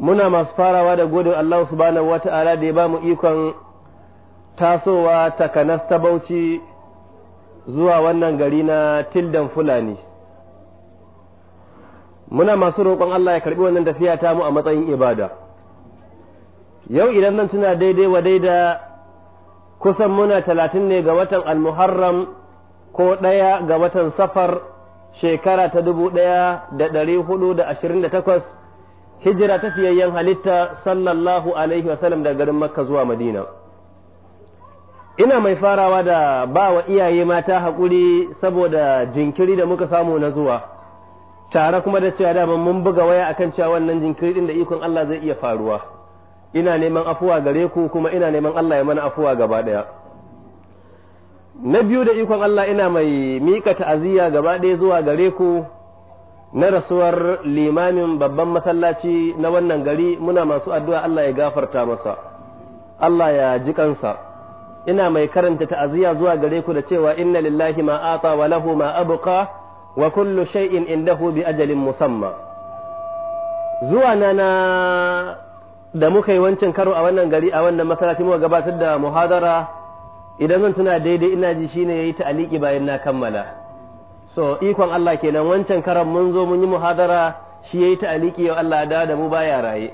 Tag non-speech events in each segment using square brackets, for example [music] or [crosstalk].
muna masu farawa da godin Allah subhanahu wa ta'ala da ya ba mu ikon tasowa takanas ta bauchi zuwa wannan gari na tildan fulani muna masu roƙon Allah ya karɓi wannan tafiya ta mu a matsayin ibada yau idan nan tuna daidai wa daida kusan muna talatin ne ga watan almuharram ko ɗaya ga watan safar shekara ta dubu ɗaya da ɗari hudu da ashirin da takwas hijira ta fiyayyen halitta sallallahu alaihi wasallam daga garin makka zuwa madina ina mai farawa da ba wa iyaye mata haƙuri saboda jinkiri da muka samu na zuwa tare kuma da cewa da mun buga waya akan cewa wannan jinkiri din da ikon Allah zai iya faruwa ina neman afuwa gare ku kuma ina neman Allah ya mana afuwa gaba daya na biyu da ikon Allah ina mai mika ta'aziyya gaba daya zuwa gare ku na rasuwar limamin babban masallaci na wannan gari muna masu addu'a Allah ya gafarta masa Allah ya ji kansa ina mai karanta ta'aziyya zuwa gare ku da cewa inna lillahi ma ata wa lahu ma abqa wa kullu shay'in indahu bi ajalin musamma zuwa na na da muka yi wancan karo a wannan gari a wannan masallaci muka gabatar da muhadara idan zan tuna daidai ina ji shine yayi ta'aliki bayan na kammala so ikon Allah kenan wancan karan mun zo mun yi muhadara shi yayi ta'aliki yau Allah da da mu baya raye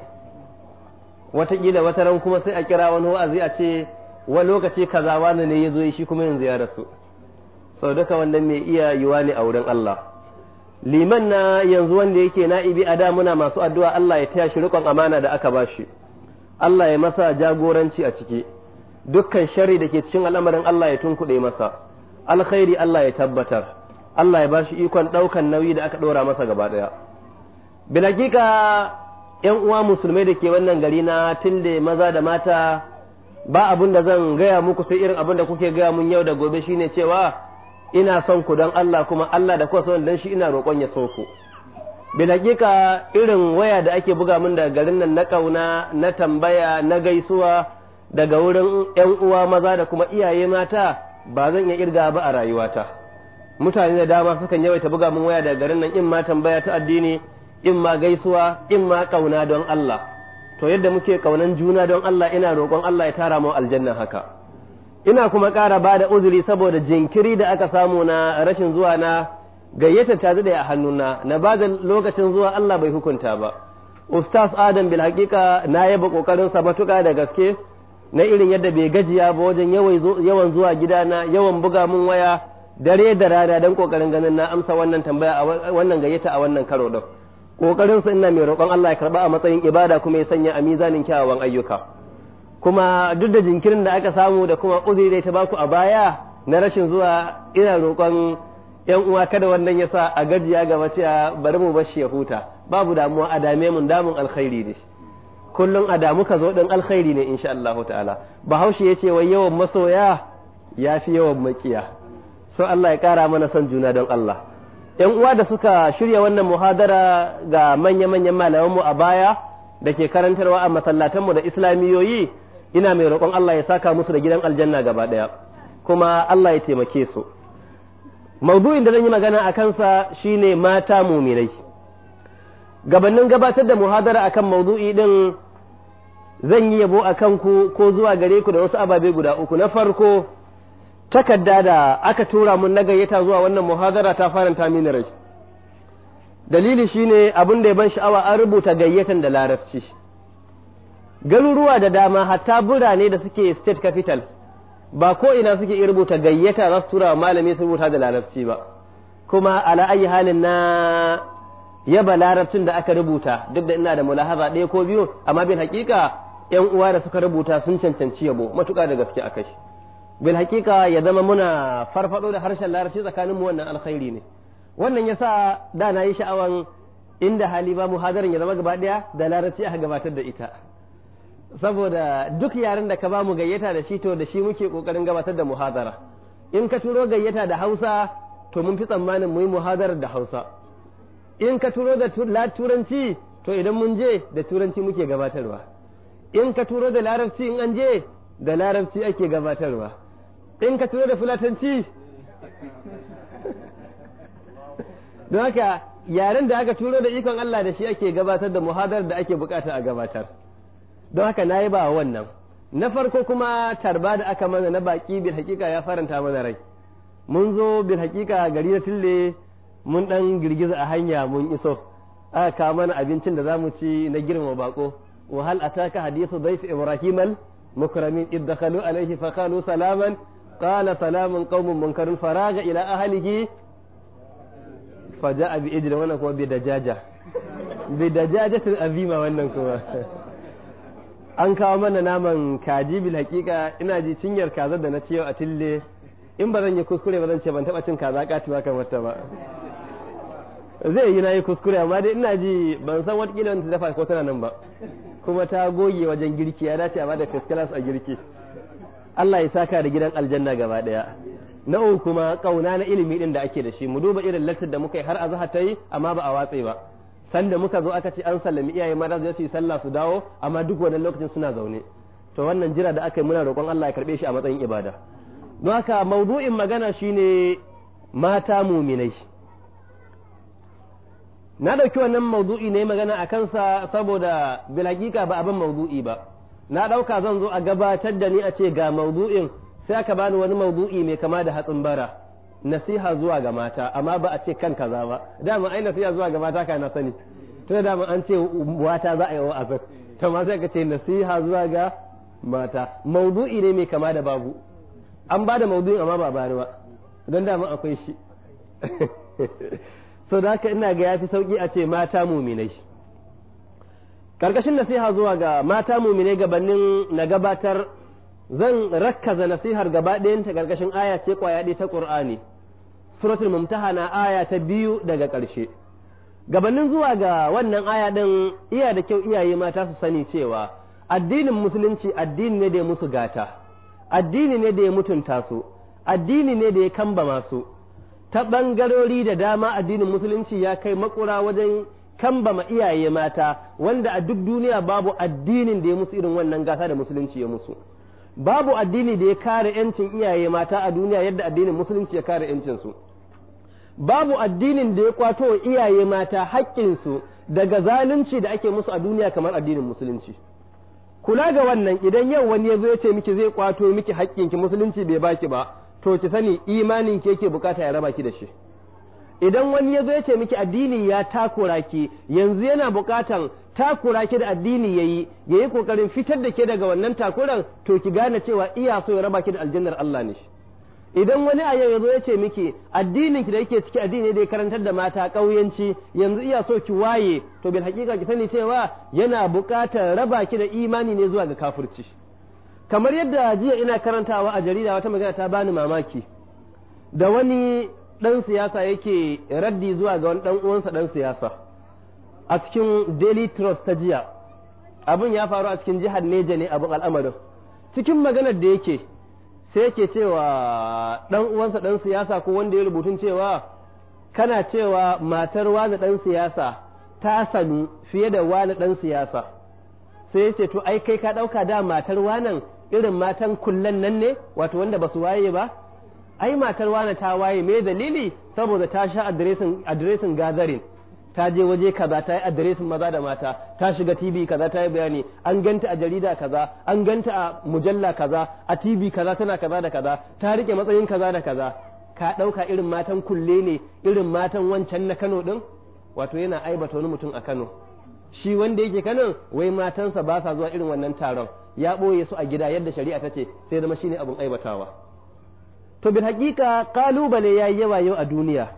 wataƙila wata ran kuma sai a kira wani wa'azi a ce wa lokaci kaza wani ne ya zo shi kuma yin ya rasu sau duka wannan mai iya yiwa ne a wurin Allah liman na yanzu wanda yake na'ibi a da muna masu addu'a Allah ya taya shi riƙon amana da aka bashi Allah ya masa jagoranci a ciki dukkan shari da ke cikin al'amarin Allah ya tunkuɗe masa alkhairi Allah ya tabbatar Allah ya bashi ikon ɗaukan nauyi da aka ɗora masa gaba ɗaya bilakika yan uwa musulmai da ke wannan gari na tunde maza da mata ba abin da zan gaya muku sai irin abun da kuke gaya mun yau da gobe shine cewa ina son ku don Allah kuma Allah da kuwa son don shi ina roƙon ya so ku bilakika irin waya da ake buga min daga garin nan na ƙauna na tambaya na gaisuwa daga wurin 'yan uwa maza da kuma iyaye mata ba zan iya irga ba a rayuwata mutane da dama sukan yawaita buga mun waya daga garin nan in ma tambaya ta addini in ma gaisuwa in ma kauna don Allah to yadda muke kaunan juna don Allah ina roƙon Allah ya tara mu aljanna haka ina kuma ƙara ba da uzuri saboda jinkiri da aka samu na rashin zuwa na gayyata ta zida a hannuna na ba da lokacin zuwa Allah bai hukunta ba ustaz adam bil haƙiƙa na yaba ƙoƙarin sa matuƙa da gaske na irin yadda bai gajiya ba wajen yawan zuwa gidana yawan buga mun waya dare da rana don kokarin ganin na amsa wannan tambaya a wannan gayyata a wannan karo din kokarin su ina mai roƙon Allah ya karba a matsayin ibada kuma ya sanya a mizanin kyawawan ayyuka kuma duk da jinkirin da aka samu da kuma uzuri da ta baku a baya na rashin zuwa ina roƙon yan uwa kada wannan yasa a gajiya gaba cewa bari mu bashi ya huta babu damuwa a dame mun damun alkhairi ne kullum a damu ka zo din alkhairi ne insha Allah ta'ala bahaushe yace wai yawan masoya yafi yawan makiya so Allah ya kara mana son juna don Allah yan uwa da suka shirya wannan muhadara ga manya-manyan mu a baya da ke karantarwa a masallatanmu da islamiyoyi ina mai roƙon Allah ya saka musu da gidan aljanna gaba ɗaya kuma Allah ya taimake su maudu'in da zan yi magana a kansa shine mata muminai gabanin gabatar da muhadara akan maudu'i din zan yi yabo a kanku ko zuwa gare ku da wasu ababe guda uku na farko takarda da aka tura mun na gayyata zuwa wannan muhazara ta faranta mini rai dalili shine abin da ya ban sha'awa an rubuta gayyatan da larabci garuruwa da dama hatta birane da suke state capital ba ko ina suke iya rubuta gayyata za su tura wa malami su rubuta da larabci ba kuma ala ayi halin na yaba larabcin da aka rubuta duk da ina da mulahaza ɗaya ko biyu amma bin hakika yan uwa da suka rubuta sun cancanci yabo matuƙa da gaske a kai bil hakika ya zama muna farfado da harshen larabci mu wannan alkhairi ne wannan yasa da na yi sha'awan inda hali ba hadarin ya zama gaba daya da larabci aka gabatar da ita saboda duk yaren da ka ba mu gayyata da shi to da shi muke kokarin gabatar da muhadara in ka turo gayyata da Hausa to mun fi tsammanin mu yi muhadarar da Hausa in ka turo da turanci to idan mun je da turanci muke gabatarwa in ka turo da larabci in an je da larabci ake gabatarwa in ka tuno da fulatanci don haka yaren da aka turo da ikon Allah da shi ake gabatar da muhadar da ake bukata a gabatar don haka na yi ba wannan na farko kuma tarba da aka mana na baki bil hakika ya faranta mana rai mun zo bil hakika gari da tille mun dan girgiza a hanya mun iso aka kawo mana abincin da zamu ci na girma bako wa hal ataka hadithu dayf ibrahimal al mukramin idakhalu alayhi fa qalu salaman قال سلام قوم منكر فراغ الى اهله فجاء bi idrin wannan kuma bi dajaja bi dajajatin wannan kuma an kawo mana naman kaji bil hakika ina ji cinyar kazar da na ciyo a tille in ba zan yi kuskure ba zan ce ban taba cin kaza kati ba kamar ta ba zai yi na yi kuskure amma dai ina ji ban san kila wani ta dafa ko tana nan ba kuma ta goge wajen girki ya dace a bada first class a girki Allah ya saka da gidan aljanna gaba daya na uku kuma kauna na ilimi din da ake da shi mu duba irin lattar da muka yi har azhar ta amma ba a watse ba sanda muka zo aka ce an sallami iyaye maza za su yi sallah su dawo amma duk wannan lokacin suna zaune to wannan jira da aka yi muna roƙon Allah ya karbe shi a matsayin ibada don haka maudu'in magana shine mata muminai na ɗauki wannan maudu'i ne magana a kansa saboda bilhakika ba abin maudu'i ba na ɗauka zan zo a gabatar da ni a ce ga maudu'in sai aka bani wani maudu'i mai kama da hatsin bara nasiha zuwa ga mata amma ba a ce kan kaza ba dama ai nasiha zuwa ga mata ka na sani tunda dama an ce wata za a yi wa'azin to ma sai ka ce nasiha zuwa ga mata maudu'i ne mai kama da babu an ba da maudu'in amma ba bani ba don dama akwai shi [laughs] so da haka ina ga yafi sauki a ce mata muminai karkashin nasiha zuwa ga mata mumine gabanin na gabatar zan rakkaza nasihar gaba ɗayanta karkashin aya ce kwaya ɗaya ta ƙur'ani suratul na aya ta biyu daga ƙarshe gabanin zuwa ga wannan aya ɗin iya da kyau iyaye mata su sani cewa addinin musulunci addini ne da ya musu gata addini ne da ya mutunta su addini ne da ya kamba masu ta ɓangarori da dama addinin musulunci ya kai makura wajen kan kambama iyaye mata wanda a duk duniya babu addinin da ya musu irin wannan gasa da musulunci ya musu babu addini da ya kare yancin iyaye mata a duniya yadda addinin musulunci ya kare yancin su babu addinin da ya kwato iyaye mata haƙƙinsu daga zalunci da ake musu a duniya kamar addinin musulunci kula ga wannan idan yau wani ya zo ya ce miki zai kwato miki haƙƙinki musulunci bai baki ba to ki sani imanin ke yake bukata ya raba ki da shi idan wani ya zo ya ce miki addini ya takura ki yanzu yana bukatan takura ki da addini ya yi ya yi ƙoƙarin fitar da ke daga wannan takuran to ki gane cewa iya so ya raba ki da aljannar Allah ne idan wani a yau ya zo ya ce miki addinin ki da yake ciki addini da ya karantar da mata ƙauyenci yanzu iya so ki waye to bil hakika ki sani cewa yana buƙatar raba ki da imani ne zuwa ga kafirci kamar yadda jiya ina karantawa a jarida wata magana ta bani mamaki da wani ɗan siyasa yake raddi zuwa ga wani ɗan uwansa ɗan siyasa a cikin daily trust ta jiya abin ya faru a cikin jihar neja ne abin al'amarin cikin maganar da yake sai yake cewa ɗan uwansa ɗan siyasa ko wanda ya rubutun cewa kana cewa matar wani ɗan siyasa ta sanu fiye da wani ɗan siyasa sai ya ce to ai kai ka ɗauka da matar wanan irin matan kullan nan ne wato wanda ba su waye ba ai matar wani ta waye me dalili saboda ta sha adiresin adiresin gathering ta je waje kaza ta yi adiresin maza da mata ta shiga TV kaza ta yi bayani an ganta a jarida kaza an ganta a mujalla kaza a TV kaza tana kaza da kaza ta rike matsayin kaza da kaza ka ɗauka irin matan kulle ne irin matan wancan na Kano ɗin wato yana aibata wani mutum a Kano shi wanda yake Kano wai matansa ba sa zuwa irin wannan taron ya ɓoye su a gida yadda shari'a ta ce sai zama shine abun aibatawa to bin hakika kalubale ya yi yawa yau a duniya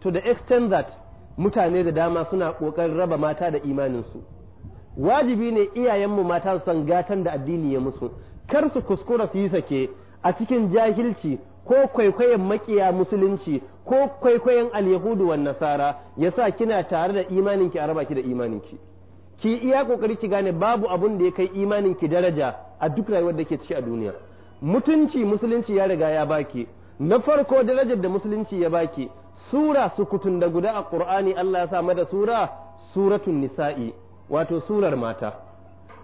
to the extent that mutane da dama suna kokarin raba mata da imaninsu wajibi ne iyayenmu mata su san gatan da addini ya musu kar su kuskura su yi sake a cikin jahilci ko kwaikwayon makiya musulunci ko kwaikwayon alyahudu wan nasara yasa kina tare da imaninki a raba ki da imaninki ki iya kokari ki gane babu abun da ya kai imaninki daraja a duk rayuwar da ke ciki a duniya mutunci musulunci ya riga ya baki na farko darajar da musulunci ya baki sura sukutun da guda a qur'ani Allah ya sa mata sura suratun nisa'i wato surar mata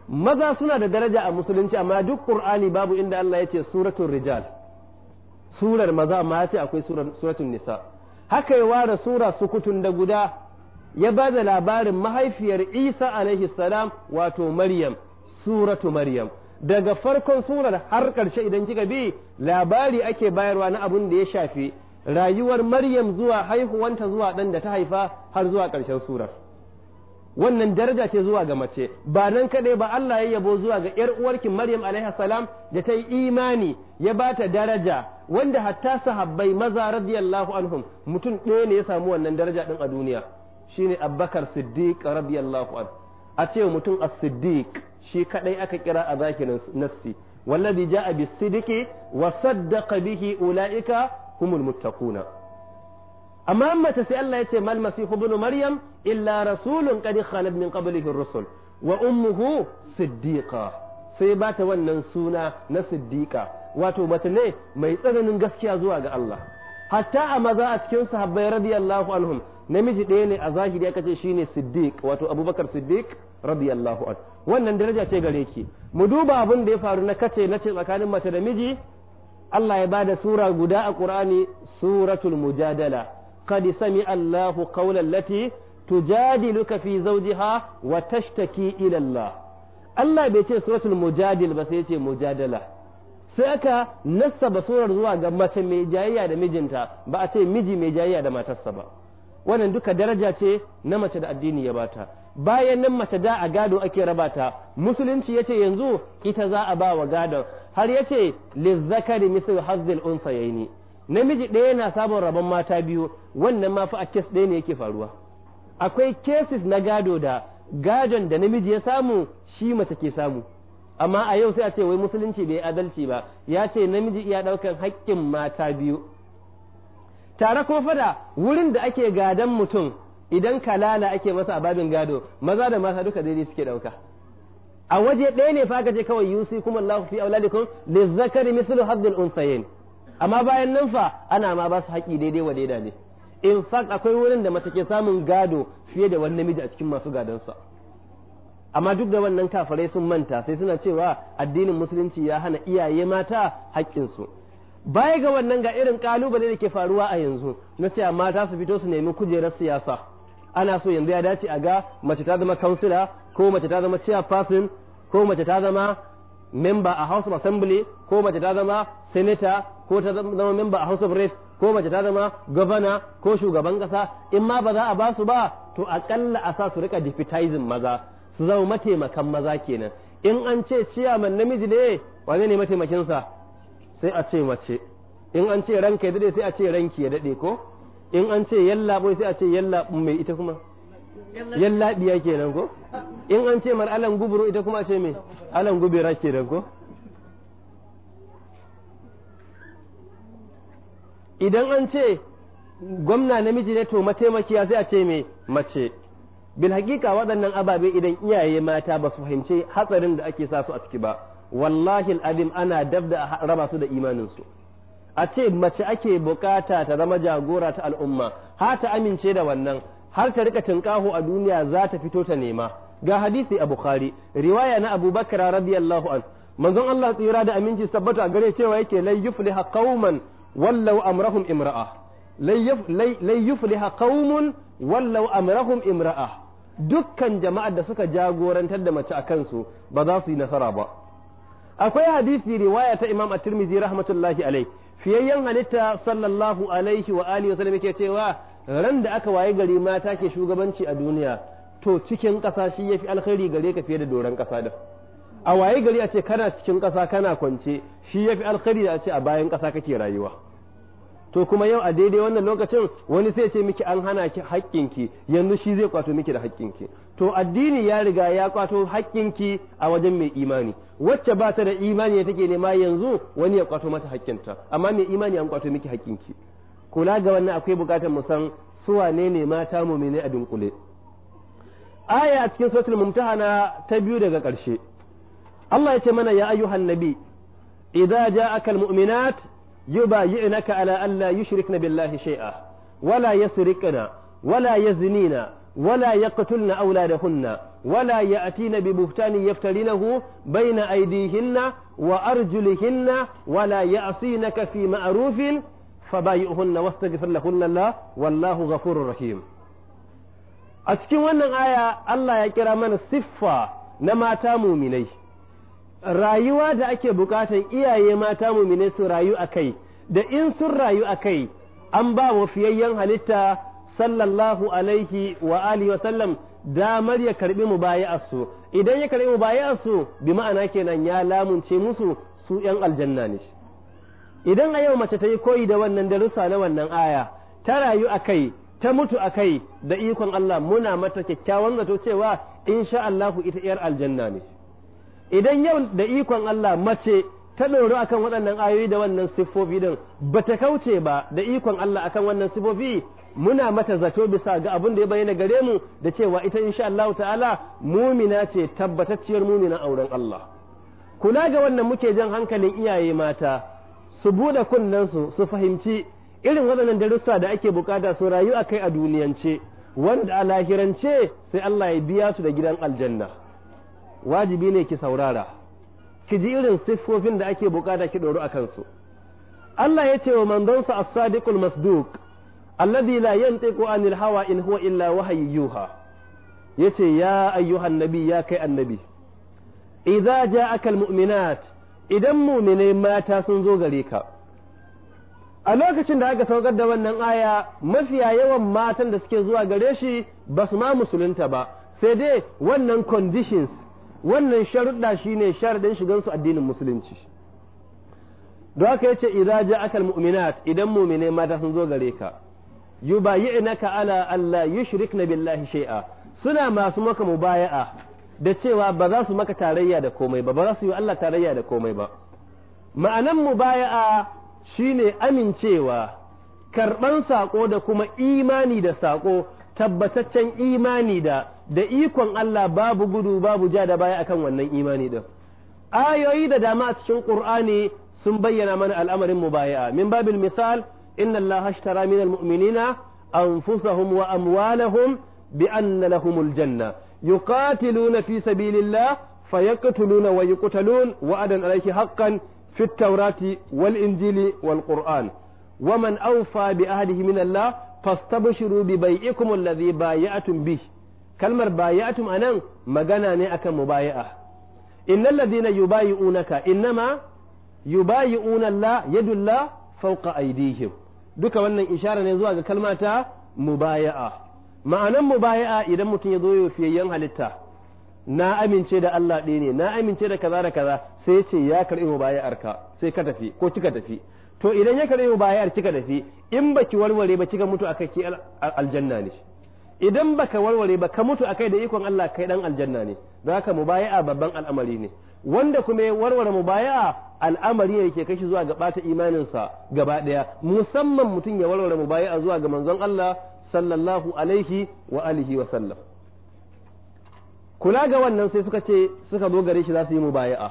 maza suna da daraja a musulunci amma duk qur'ani babu inda Allah ya ce suratul rijal surar maza amma ya ce akwai suratun nisa haka ya ware sura sukutun da guda ya ba da labarin mahaifiyar Isa alaihi salam wato Maryam suratu Maryam daga farkon surar har ƙarshe idan kika bi labari ake bayarwa na abun da ya shafi rayuwar Maryam zuwa haihuwanta zuwa ɗan da ta haifa har zuwa ƙarshen surar wannan daraja ce zuwa ga mace ba nan kaɗai ba Allah ya yabo zuwa ga ‘yar uwarki Maryam alaihi salam da ta yi imani ya ba ta daraja wanda hatta sahabbai maza radiyallahu anhum mutum ɗaya ne ya samu wannan daraja ɗin a duniya shine Abubakar Siddiq radiyallahu anhu a ce mutum as-Siddiq shi kadai aka kira a zahirin nassi wallazi ja'a bisidiki wa saddaqa bihi ulaika humul muttaquna amma mace sai Allah yace mal masihu ibn maryam illa rasulun qad khalat min qablihi ar-rusul wa ummuhu siddiqa sai bata wannan suna na siddiqa wato mace ne mai tsananin gaskiya zuwa ga Allah hatta a maza a cikin sahabbai radiyallahu anhum namiji ɗaya ne a zahiri aka ce shine siddiq wato abubakar siddiq radiyallahu an wannan daraja ce gare ki mu duba abin da ya faru na kace na ce tsakanin mace da miji Allah ya bada sura guda a Qur'ani suratul mujadala qad sami Allahu qawlan lati tujadiluka fi zawjiha wa tashtaki ila Allah Allah bai ce suratul mujadil ba sai ya ce mujadala sai aka nassaba surar zuwa ga mace mai jayayya da mijinta ba a ce miji mai jayayya da matarsa ba wannan duka daraja ce na mace da addini ya bata bayan nan mace da a gado ake raba ta musulunci yace yanzu ita za a ba wa gadon har yace lizzakari misal hazzil unsayaini namiji ɗaya na sabon rabon mata biyu wannan ma fa a kes ɗaya ne yake faruwa akwai cases na gado da gadon da namiji ya samu shi mace ke samu amma a yau sai a ce wai musulunci bai adalci ba ya ce namiji iya ɗaukan haƙƙin mata biyu tare ko fada wurin da ake gadon mutum idan kalala ake masa a babin gado maza da mata duka daidai suke ɗauka a waje ɗaya ne fa ce kawai yusi kuma Allahu fi auladikum lizzakari mithlu haddul unsayin amma bayan nan fa ana ma ba su haƙi daidai wa daidai ne in fact akwai wurin da mace ke samun gado fiye da wani namiji a cikin masu gadon sa amma duk da wannan kafirai sun manta sai suna cewa addinin musulunci ya hana iyaye mata haƙƙinsu baya ga wannan ga irin kalubale da ke faruwa a yanzu na cewa mata su fito su nemi kujerar siyasa ana so yanzu ya dace a ga mace ta zama kansila ko mace ta zama chairperson ko mace ta zama member a house of assembly ko mace ta zama senator ko ta zama member a house of reps ko mace ta zama gwamna ko shugaban kasa in ma ba za a ba su ba to akalla a sa su rika deputizing maza su zama mataimakan maza kenan in an ce ciyaman namiji ne wane ne mataimakinsa sai a ce mace in an ce ranka ya dade sai a ce ranki ya dade ko in an ce yallaɓo sai a ce yallaɓo mai ita kuma yallaɓiya kenan ko in an ce mar'alan alan guburo ita kuma a ce mai alan gubera kenan ko idan an ce gwamna namiji ne to mataimakiya sai a ce mai mace bil hakika waɗannan ababe idan iyaye mata ba su fahimci hatsarin da ake sa su a ciki ba wallahi al'adim ana dab da raba su da imanin su a ce mace ake bukata ta zama jagora ta al'umma har ta amince da wannan har ta rika tinkaho a duniya za ta fito ta nema ga hadisi a bukhari riwaya na abubakar radiyallahu an manzon Allah tsira da aminci tabbata a gare cewa yake la yufliha qauman wallau amrahum imra'a lai yufliha qaumun wallau amrahum imra'a dukkan jama'ar da suka jagorantar da mace a kansu ba za su yi nasara ba akwai hadisi riwaya ta Imam At-Tirmidhi rahmatullahi fiye fiyayyen halitta sallallahu alaihi wa alihi wasallam yake cewa ran da aka waye gari mata ke shugabanci a duniya to cikin ƙasa shi yafi alkhairi gare ka fiye da doron kasa da a waye gari a ce kana cikin ƙasa kana kwance shi yafi alkhairi da a ce a bayan ƙasa kake rayuwa to kuma yau a daidai wannan lokacin wani sai ce miki an hana ki haƙƙinki yanzu shi zai kwato miki da haƙƙinki to addini ya riga ya kwato haƙƙinki a wajen mai imani wacce ba ta da imani ya take nema yanzu wani ya kwato mata haƙƙinta amma mai imani an kwato miki haƙƙinki kula ga wannan akwai buƙatar mu san su wane ne mata mu ne a dunkule aya a cikin suratul mumtahana ta biyu daga ƙarshe Allah ya ce mana ya ayyuhan nabi idza ja'aka almu'minat yubayi'naka ala alla yushrikna billahi shay'a wala yasriqna wala yazinina ولا يقتلن أولادهن ولا يأتين ببهتان يفترينه بين أيديهن وأرجلهن ولا يعصينك في معروف فبايئهن واستغفر لهن الله والله غفور رحيم أتكي wannan aya Allah ya kira mana siffa na mata muminai rayuwa da ake bukatan iyaye mata mumine su rayu a kai da in sun rayu a kai an ba wa fiyayyen halitta sallallahu alaihi wa alihi wa sallam damar ya karbi su, idan ya karbi su, bi ma'ana kenan ya lamunce musu su yan aljanna ne idan a yau mace ta yi koyi da wannan darussa na wannan aya ta rayu a kai ta mutu a kai da ikon Allah muna mata kyakkyawan zato cewa insha Allah ita 'yar aljanna ne idan yau da ikon Allah mace ta ɗoro akan waɗannan ayoyi da wannan siffofi din ba ta kauce ba da ikon Allah akan wannan siffofi muna mata zato bisa ga abin da ya bayyana gare mu da cewa ita insha Allah ta'ala mumina ce tabbatacciyar mumina auren Allah kula ga wannan muke jan hankalin iyaye mata su buɗe kunnen su su fahimci irin waɗannan darussa da ake bukata su rayu akai a duniyance wanda a lahirance sai Allah ya biya su da gidan aljanna wajibi ne ki saurara ki ji irin siffofin da ake bukata ki doro a kansu Allah ya ce wa mandonsa as-sadiqul masduq alladhi la yantiqu anil hawa in huwa illa wahyi yuha yace ya ayyuhan nabi ya kai annabi idza ja'aka almu'minat idan mu'minai mata sun zo gare ka a lokacin da aka saukar da wannan aya mafiya yawan matan da suke zuwa gare shi ba su ma musulunta ba sai dai wannan conditions wannan sharuɗa shine sharadin shigan su addinin musulunci don haka yace ji akal almu'minat idan mu'mine mata sun zo gare ka inaka ala allah shirik na billahi shai'a suna masu maka mubaya'a da cewa ba za su maka tarayya da komai ba ba za su yi Allah tarayya da komai ba ma'anan mubaya'a shine amincewa karɓan saƙo da kuma imani da saƙo tabbataccen imani da da ikon Allah babu gudu babu ja da baya akan wannan imani din ayoyi da dama a cikin Qur'ani sun bayyana mana al'amarin mubaya'a min babil misal inna Allah ashtara min almu'minina anfusahum wa amwalahum bi anna lahumul janna yuqatiluna fi sabilillah fayaqtuluna wa yuqtalun wa'adan alayhi haqqan في التوراة والإنجيل والقرآن bi أوفى بأهله من الله فاستبشروا ببيعكم الذي بايعتم به kalmar bayatun anan magana ne akan mubaya'a innal ladina yubayi'unaka innama yubayi'una Allah yadullah fawqa aydihim duka wannan ishara ne zuwa ga kalmata mubaya'a ma'anan mubaya'a idan mutum ya zo ya fiyayyen halitta na amince da Allah ɗaya ne na amince da kaza da kaza sai ya ce ya karɓi mubaya'ar sai ka tafi ko kika tafi to idan ya karɓi mubaya'ar kika tafi in baki warware ba kika mutu aka aljanna ne idan baka warware ba ka mutu akai da ikon Allah kai dan aljanna ne zaka mubaya'a babban al'amari ne wanda kuma ya warware mubaya'a al'amari ne yake kashi zuwa ga bata imaninsa gaba daya musamman mutum ya warware mubaya'a zuwa ga manzon Allah sallallahu alaihi wa alihi wa sallam kula ga wannan sai suka ce suka zo gare shi za su yi mubaya'a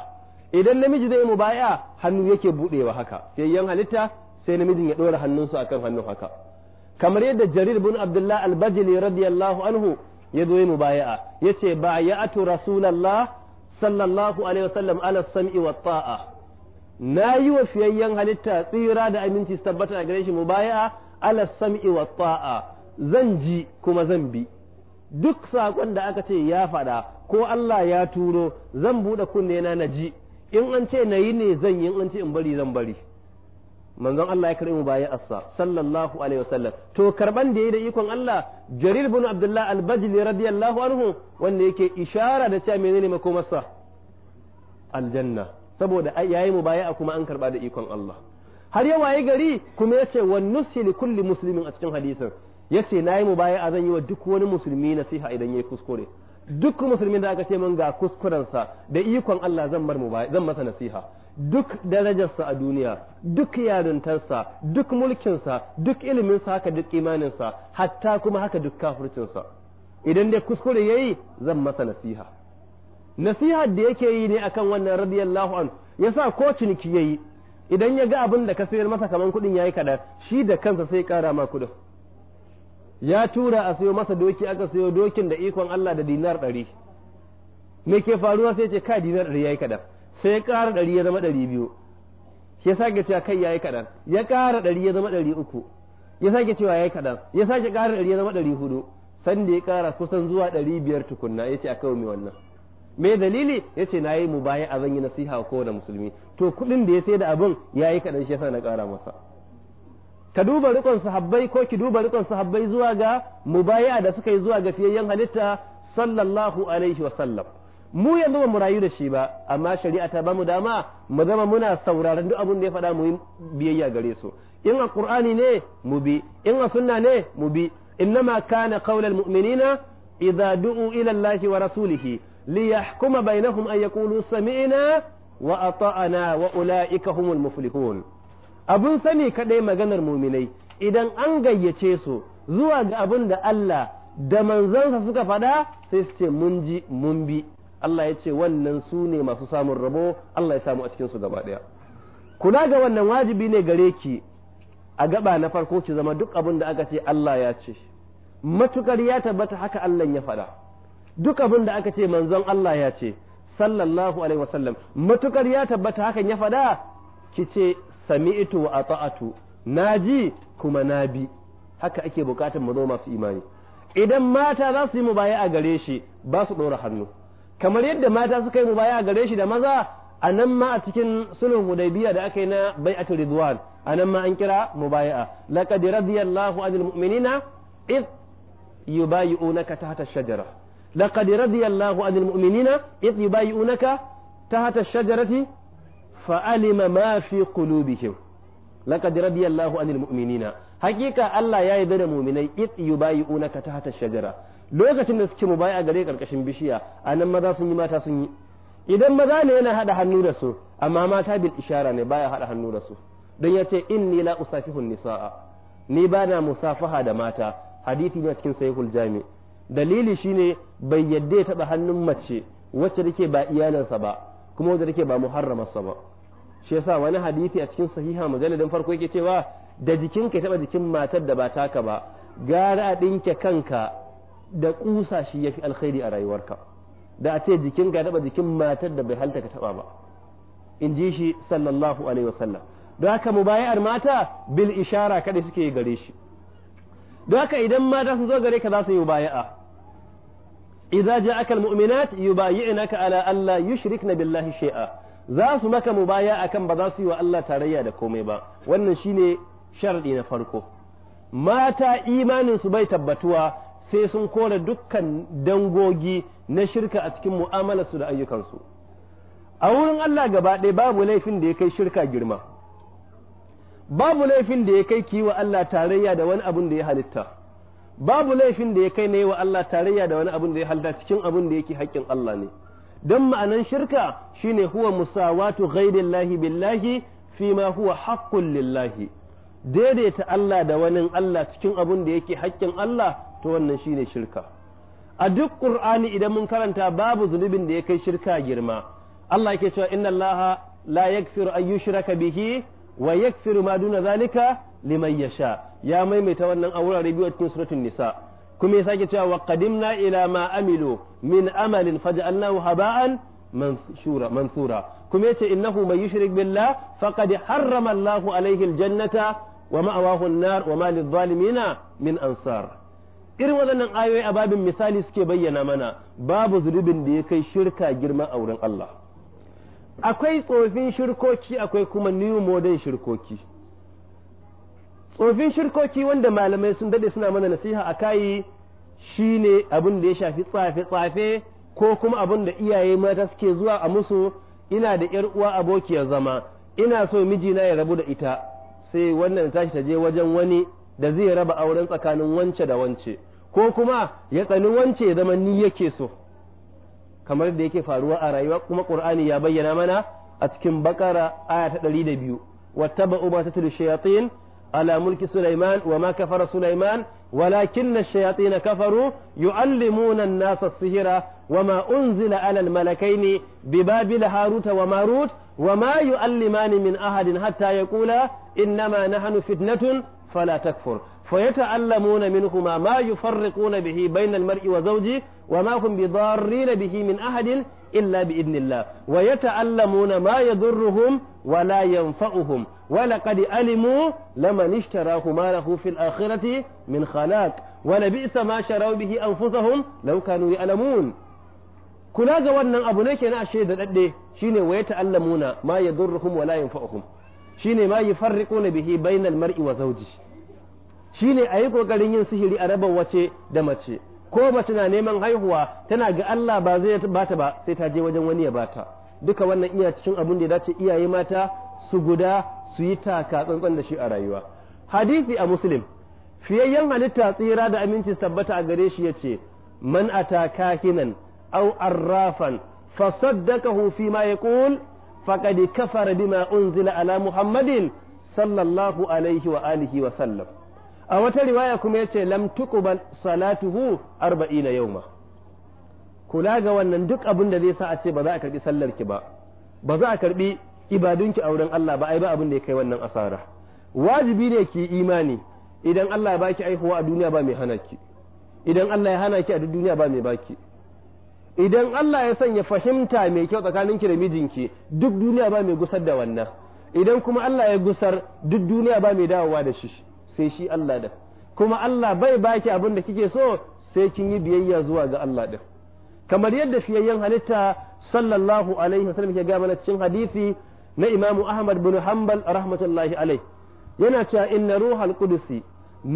idan namiji zai yi mubaya'a hannu yake budewa haka sai yan halitta sai namijin ya dora hannunsa akan hannun haka kamar yadda jarir bin abdullah al-bajili radiyallahu anhu ya zo mu baya'a yace bayatu rasulullah sallallahu alaihi wasallam ala sam'i wa ta'a na yi wa fiyayyen halitta tsira da aminci tabbata a gare shi mu ala sam'i wa ta'a zan ji kuma zan bi duk sakon da aka ce ya faɗa ko Allah ya turo zan buɗe kunne na na ji in an ce na yi ne zan yi in an ce in bari zan bari manzon Allah ya karbi asa sallallahu alaihi wasallam to karban da yayi da ikon Allah Jarir ibn Abdullah al-Bajli radiyallahu anhu wanda yake ishara da cewa menene makomarsa aljanna saboda yayi mu a kuma an karba da ikon Allah har ya waye gari kuma yace wan nusi li kulli muslimin a cikin hadisin yace nayi a zan yi wa duk wani musulmi nasiha idan yayi kuskure duk musulmin da aka ce mun ga kuskurensa da ikon Allah zan zan masa nasiha duk darajarsa a duniya duk yarintarsa duk mulkinsa duk iliminsa haka duk imaninsa hatta kuma haka duk kafircinsa idan dai kuskure yayi zan masa nasiha nasiha da yake yi ne akan wannan radiyallahu an yasa ko ciniki yayi idan ya ga abin da ka sayar masa kaman kuɗin yayi kaɗan shi da kansa sai ƙara ma kuɗin ya tura a sayo masa doki aka sayo dokin da ikon Allah da dinar ɗari me ke faruwa sai ce ka dinar ɗari yayi kaɗan sai ya ƙara ɗari ya zama ɗari biyu shi ya sake cewa kai ya yi kaɗan ya ƙara ɗari ya zama ɗari uku ya sake cewa ya yi kaɗan ya sake ƙara ɗari ya zama ɗari hudu sanda ya ƙara kusan zuwa ɗari biyar tukunna ya ce a kawo mai wannan me dalili ya ce na yi mu baya a zan yi nasiha wa kowane musulmi to kuɗin da ya sai da abin ya yi kaɗan shi sa na ƙara masa ka duba rikon sahabbai ko ki duba rikon sahabbai zuwa ga mubaya'a da suka yi zuwa ga fiyayyen halitta sallallahu alaihi wa sallam mu yanzu ba mu rayu da shi ba amma shari'a ta mu dama mu zama muna sauraron duk abin da ya faɗa mu yi biyayya gare su in a qur'ani ne mu bi in a sunna ne mu bi innama kana qaulal mu'minina idza du'u ila allahi wa rasulihi li yahkuma bainahum an yaqulu sami'na wa ata'na wa ulaika humul muflihun abun sani kadai maganar mu'minai idan an gayyace su zuwa ga abin da Allah da manzansa suka faɗa sai su ce mun ji mun bi Allah ya ce wannan su ne masu samun rabo Allah ya samu a cikinsu gaba ɗaya kula ga wannan wajibi ne gare ki a gaba na farko ki zama duk abin da aka ce Allah ya ce matukar ya tabbata haka Allah ya faɗa duk abin da aka ce manzon Allah ya ce sallallahu alaihi wasallam matukar ya tabbata hakan ya faɗa ki ce sami'tu wa ata'atu naji kuma nabi haka ake bukatar mu zo masu imani idan mata za su yi mu baya a gare shi ba su ɗora hannu kamar yadda mata suka yi mu baya gare shi da maza a nan ma a cikin sulhun hudaybiya da aka yi na bai'atu ridwan a nan ma an kira mubaya'a laqad radiyallahu anil mu'minina id yubayi'unaka tahta ash-shajara laqad radiyallahu anil mu'minina id yubayi'unaka tahta ash-shajarati fa'alima ma fi qulubihim laqad radiyallahu anil mu'minina hakika Allah ya yarda da mu'minai id yubayi'unaka tahta ash-shajara lokacin da suke mu mubaya gare karkashin bishiya a nan maza sun yi mata sun yi idan maza ne yana haɗa hannu da su amma mata bil ishara ne baya haɗa hannu da su don ya ce inni la usafihun nisaa ni ba na musafaha da mata hadisi ne cikin sahihul jami dalili shine bai yadda ya taba hannun mace wacce take ba iyalinsa ba kuma wacce take ba muharramarsa ba shi yasa wani hadisi a cikin sahiha mujalladin farko yake cewa da jikinka ya taba jikin matar da ba taka ba gara a ɗinke kanka da kusa shi yafi alkhairi a rayuwarka da a ce jikin ka taba jikin matar da bai halta ka taba ba in ji shi sallallahu alaihi wasallam don haka mubayar mata bil ishara kada suke gare shi don haka idan mata sun zo gare ka za su yi mubaya'a idza ja'aka almu'minat yubayyi'naka ala alla yushrikna billahi shay'a za su maka mubaya akan ba za su yi wa Allah tarayya da komai ba wannan shine sharadi na farko mata imanin su bai tabbatuwa sai sun kore dukkan dangogi na shirka a cikin mu'amalarsu da ayyukansu a wurin Allah gaba ɗaya babu laifin da ya kai shirka girma babu laifin da ya kai kiwa Allah tarayya da wani abun da ya halitta babu laifin da ya kai na yi wa Allah tarayya da wani abun da ya halitta cikin abun da yake haƙƙin Allah ne don ma'anan shirka shine huwa musawatu lahi billahi fi ma huwa haqqun lillahi daidaita Allah da wani Allah cikin abun da yake haƙƙin Allah to wannan shine shirka a duk qur'ani idan mun karanta babu zunubin da ya kai shirka girma Allah yake cewa inna Allah la yaghfiru an yushraka bihi wa yaghfiru ma duna zalika liman yasha ya maimaita wannan a wuraren biyu a cikin suratul nisa kuma ya sake cewa wa qadimna ila ma amilu min amalin faj'alnahu haba'an manshura mansura kuma yace innahu man yushrik billah faqad harrama Allahu alayhi aljannata wa ma'awahu an-nar wa ma lidh-dhalimina min ansar irin waɗannan ayoyi a babin misali suke bayyana mana babu zurubin da ya kai shirka girma a wurin Allah akwai tsofin shirkoki akwai kuma new modern shirkoki tsofin shirkoki wanda malamai sun daɗe suna mana nasiha a kayi shine abin da ya shafi tsafe-tsafe ko kuma abin da iyaye mata suke zuwa a musu ina da yar uwa abokiyar zama ina so mijina ya rabu da ita sai wannan tashi ta je wajen wani da zai raba auren tsakanin wance da wance ko kuma ya tsani wance ya zama ni yake so kamar da yake faruwa a rayuwa kuma qur'ani ya bayyana mana a cikin bakara aya ta ɗari da biyu wattaba'u ma tatlu shayatin ala mulki sulaiman wa ma kafara sulaiman walakin na shayatin kafaru yu'allimuna nasa sihira. wa ma unzila ala al ne bi haruta wa marut wa ma yu'allimani min ahadin hatta ya yaqula innama nahnu fitnatun fala takfur فيتعلمون منهما ما يفرقون به بين المرء وزوجه وما هم بضارين به من أحد إلا بإذن الله ويتعلمون ما يضرهم ولا ينفعهم ولقد علموا لمن اشتراه ما له في الآخرة من خلاق ولبئس ما شروا به أنفسهم لو كانوا يعلمون كلا زوانا أبو abu نعشي ذا ashe شيني ويتعلمون ما يضرهم ولا ma شيني ما يفرقون به بين المرء وزوجه Shi ne a yi ƙoƙarin yin sihiri a raba wace da mace ko mace na neman haihuwa tana ga Allah ba zai bata ba sai ta je wajen wani ya bata duka wannan iya cikin abin da ya dace iyaye mata su guda su yi taka tsantsan da shi a rayuwa hadisi a muslim fiyayyen halitta tsira da aminci tabbata a gare shi yace man ata kahinan aw arrafan fasaddaqahu fi ma yaqul faqad kafara bima unzila ala muhammadin sallallahu alaihi wa alihi wa sallam a wata riwaya kuma yace lam tuqbal salatuhu yau ma kula ga wannan duk abin da zai sa a ce ba za a karbi sallar ki ba ba za a karbi ibadunki a wurin Allah ba ai ba abin da ya kai wannan asara wajibi ne ki imani idan Allah ya baki aihuwa a duniya ba mai hana ki idan Allah ya hana ki a duk duniya ba mai baki idan Allah ya sanya fahimta mai kyau tsakaninki da mijinki duk duniya ba mai gusar da wannan idan kuma Allah ya gusar duk duniya ba mai dawowa da shi sai shi Allah din kuma Allah bai baki abin da kike so sai kin yi biyayya zuwa ga Allah din kamar yadda fiyayyen halitta sallallahu alaihi wasallam ke gaba mana cikin hadisi na Imam Ahmad bin Hanbal rahmatullahi alaihi yana cewa inna ruhal qudusi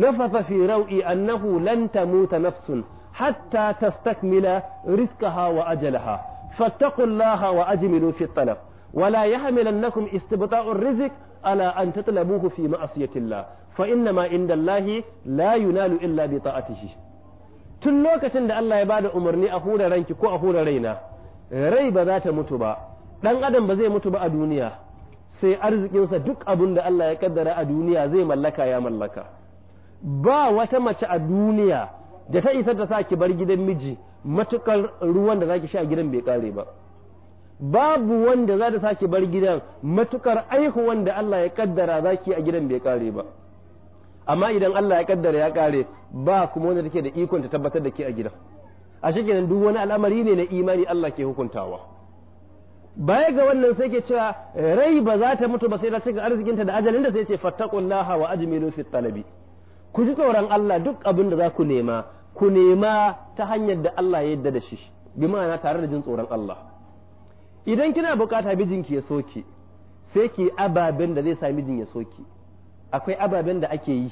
nafatha fi raw'i annahu lan tamuta nafsun hatta tastakmila rizqaha wa ajalaha fattaqullaha wa ajmilu fi talab ولا يحملنكم استبطاء الرزق ala an tatlabuhu fi tilla fa inna ma indallahi la yunalu illa bi ta'atihi tun lokacin da Allah ya bada umarni a hura ranki ko a hura raina rai ba za ta mutu ba dan adam ba zai mutu ba a duniya sai arzikinsa duk abin da Allah ya kaddara a duniya zai mallaka ya mallaka ba wata mace a duniya da ta isa ta sa ki bar gidan miji matukar ruwan da zaki sha a gidan bai kare ba babu wanda za ta sake bar gidan matukar aihu wanda Allah ya kaddara zaki a gidan bai kare ba amma idan Allah ya kaddara ya kare ba kuma wanda take da ikon ta tabbatar da ke a gidan a shekenan duk wani al'amari ne na imani Allah ke hukuntawa baya ga wannan sai ke cewa rai ba za ta mutu ba sai ta cika arzikinta da ajalin da sai ce fattaqullaha wa ajmilu fi talabi ku ji tsoron Allah duk abin da za ku nema ku nema ta hanyar da Allah ya yadda da shi bi ma'ana tare da jin tsoron Allah idan kina bukata mijinki ya soke sai ki ababen da zai sa mijin ya soke akwai ababen da ake yi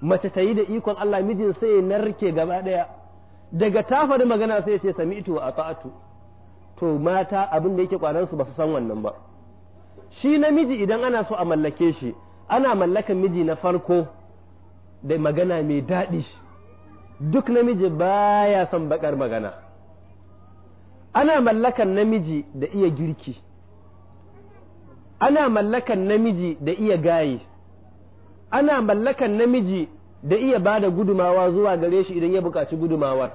mace ta yi da ikon Allah mijin sai ya narke gaba daya daga ta magana sai ce sami'tu wa ata'tu to mata abin da yake kwaran su ba su san wannan ba shi namiji idan ana so a mallake shi ana mallakan miji na farko da magana mai daɗi duk namiji baya son bakar magana ana mallakan namiji da iya girki ana mallakan namiji da iya gaye ana mallakan namiji da iya ba da gudumawa zuwa gare shi idan ya buƙaci gudumawar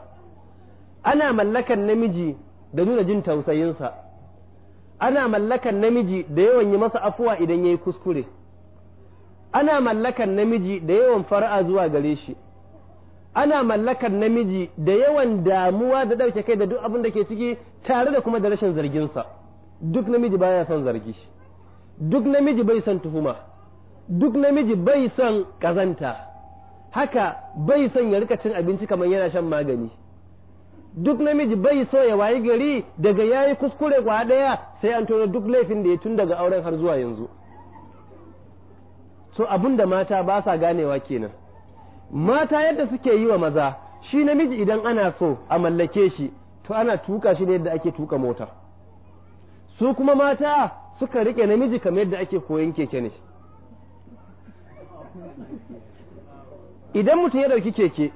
ana mallakan namiji da nuna jin tausayinsa ana mallakan namiji da yawan yi masa afuwa idan ya yi kuskure ana mallakan namiji da yawan fara'a zuwa gare shi ana mallakar namiji da yawan damuwa da ɗauke kai da duk abin da ke ciki tare da kuma da rashin zarginsa duk namiji baya son zargi duk namiji bai son tuhuma duk namiji bai son ƙazanta haka bai son ya rika cin abinci kamar yana shan magani duk namiji bai so ya wayi gari daga yayi kuskure kwa daya sai an tono duk laifin da ya tun daga auren har zuwa yanzu so abun da mata ba sa ganewa kenan mata yadda suke yi wa maza shi namiji idan ana so a mallake shi to ana tuka shi ne yadda ake tuka mota su kuma mata suka rike namiji kamar yadda ake koyon keke ne idan mutum ya dauki keke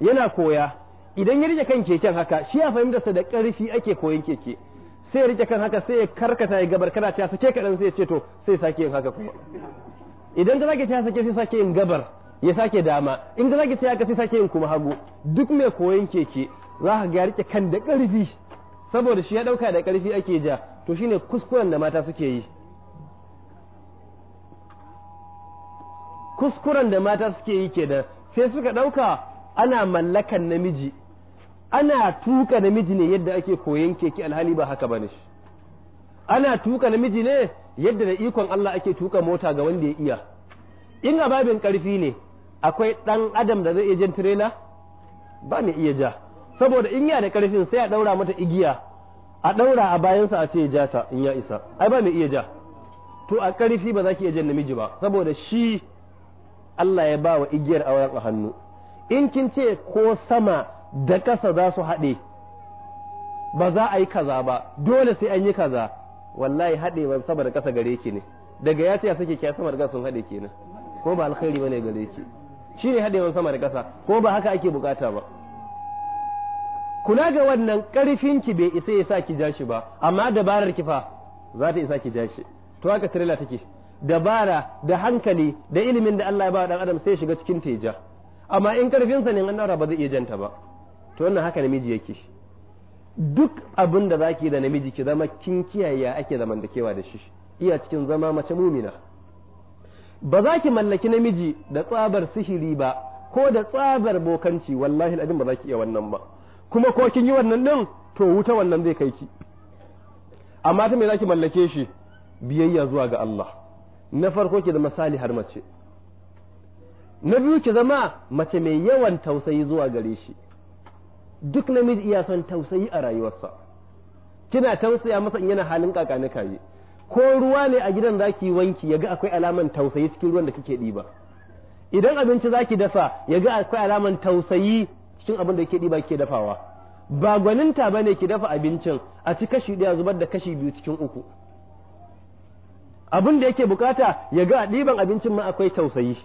yana koya idan ya rike kan keken haka shi ya sa da ƙarfi ake koyon keke sai ya rike kan haka sai ya karkata ya gabar kana ta sake kaɗan sai ya ce to sai sake yin haka kuma idan ta sake ta sake sai sake yin gabar ya sake dama in da zaki tsaya ka sai sake yin kuma hagu duk mai koyon keke za ka ga rike kan da karfi saboda shi ya ɗauka da ƙarfi ake ja to shine kuskuren da mata suke yi kuskuren da mata suke yi kenan sai suka ɗauka ana mallakan namiji ana tuka namiji ne yadda ake koyon keke alhali ba haka bane shi ana tuka namiji ne yadda da ikon Allah ake tuka mota ga wanda ya iya in a babin ƙarfi ne akwai ɗan adam da zai iya jan tirela ba mai iya ja saboda in ya da karfin sai a ɗaura mata igiya a ɗaura a bayansa a ce ja ta in ya isa ai ba mai iya ja to a ƙarfi ba za ki iya jan namiji ba saboda shi Allah ya ba wa igiyar auren a hannu in kin ce ko sama da ƙasa za su haɗe ba za a yi kaza ba dole sai an yi kaza wallahi haɗewan sama da ƙasa gare ki ne daga ya ce ya sake kya sama da ƙasa sun haɗe kenan ko ba alkhairi bane gare ki Shi shine haɗewar sama da ƙasa ko ba haka ake bukata ba kula ga wannan ƙarfin ki bai isa ya sa ki ja shi ba amma dabarar ki fa za ta isa ki ja shi to haka tirela take dabara da hankali da ilimin da Allah ya ba dan adam sai shiga cikin teja amma in karfin sa ne an daura ba zai iya janta ba to wannan haka namiji yake duk abin da zaki da namiji ki zama kin kiyaye ake zamantakewa da shi iya cikin zama mace mumina ba za ki mallaki namiji da tsabar sihiri ba ko da tsabar bokanci wallahi al'adun ba za ki iya wannan ba kuma ko kin yi wannan din to wuta wannan zai kai ki amma ta me za ki mallake shi biyayya zuwa ga Allah na farko ki zama har mace na biyu ki zama mace mai yawan tausayi zuwa gare shi duk namiji iya son tausayi a rayuwarsa kina tausaya masa in yana halin kakani kaye ko ruwa ne a gidan zaki wanki yaga akwai alaman tausayi cikin ruwan da kake ɗiba idan abinci zaki dafa yaga akwai alaman tausayi cikin abin da kake ɗiba kake dafawa ba gwaninta ba ne ki dafa abincin a ci kashi ɗaya zubar da kashi biyu cikin uku abin da yake bukata ya ga ɗiban abincin ma akwai tausayi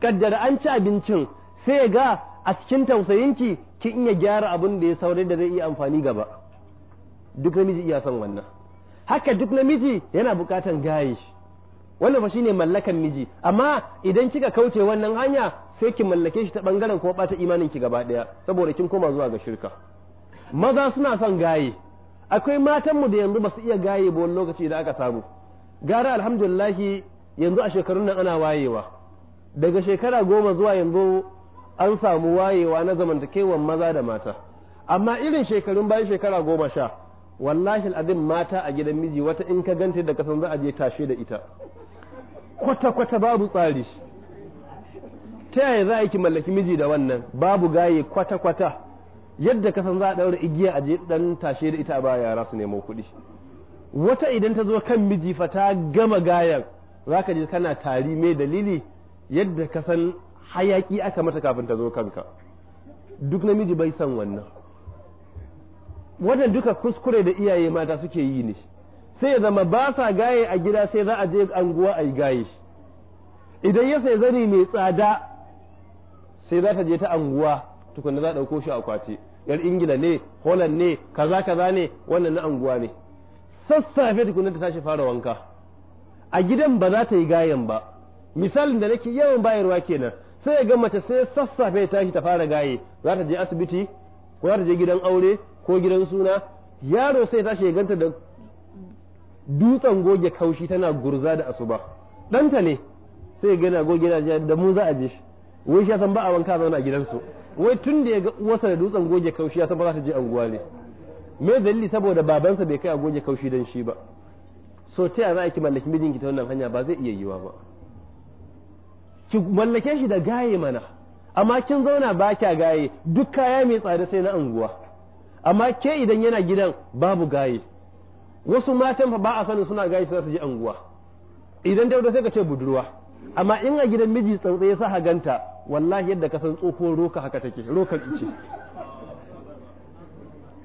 kaddara an ci abincin sai ya ga a cikin tausayinki ki iya gyara abin da ya saurin da zai iya amfani gaba duk namiji iya san wannan haka duk namiji yana bukatan gaye wannan fa shine mallakan miji amma idan kika kauce wannan hanya sai ki mallake shi ta bangaren ko bata imanin ki gaba daya saboda kin koma zuwa ga shirka maza suna son gaye akwai matan mu da yanzu basu iya gaye ba wani lokaci da aka samu gara alhamdulillah yanzu a shekarun nan ana wayewa daga shekara goma zuwa yanzu an samu wayewa na zamantakewan maza da mata amma irin shekarun bayan shekara goma sha wallahi abin mata a gidan miji wata in ka ganta da kasan za a je tashe da ita kwata kwata babu tsari ta yaya za a ki mallaki miji da wannan babu gaye kwata kwata yadda kasan za a daura igiya a je dan tashe da ita ba yara su nemo kuɗi wata idan ta zo kan miji fa ta gama gayan ka je kana tari mai dalili yadda kasan hayaki aka mata kafin ta zo kanka duk namiji bai san wannan wannan duka kuskure da iyaye mata suke yi ne sai ya zama ba sa gaye a gida sai za a je anguwa a yi gaye idan ya sai zani mai tsada sai za ta je ta anguwa tukunna za a ɗauko shi a kwace yar ingila ne holland ne kaza kaza ne wannan na anguwa ne sassafe tukunna ta tashi fara wanka a gidan ba za ta yi gayen ba misalin da nake yawan bayarwa kenan sai ya ga mace sai sassafe ta tashi ta fara gaye za ta je asibiti ko za ta je gidan aure ko gidan suna yaro sai tashi ya ganta da dutsen goge kaushi tana gurza da asuba ɗanta ne sai ga yana goge yana da mu za a je shi wai shi ya san ba a wanka zauna a gidansu wai tun da ya ga uwarsa da dutsen goge kaushi ya san ba za ta je anguwa ne me dalili saboda babansa bai kai a goge kaushi dan shi ba so ta yaya za ki mallaki mijinki ta wannan hanya ba zai iya yiwa ba ki mallake shi da gaye mana amma kin zauna ba kya gaye duk kaya mai tsada sai na anguwa amma ke idan yana gidan babu gaye wasu matan fa ba a sanin suna gaye su je anguwa idan dauda sai ka ce budurwa amma in a gidan miji tsantsa ya sa ganta wallahi yadda ka san tsohuwar roka haka take roka ce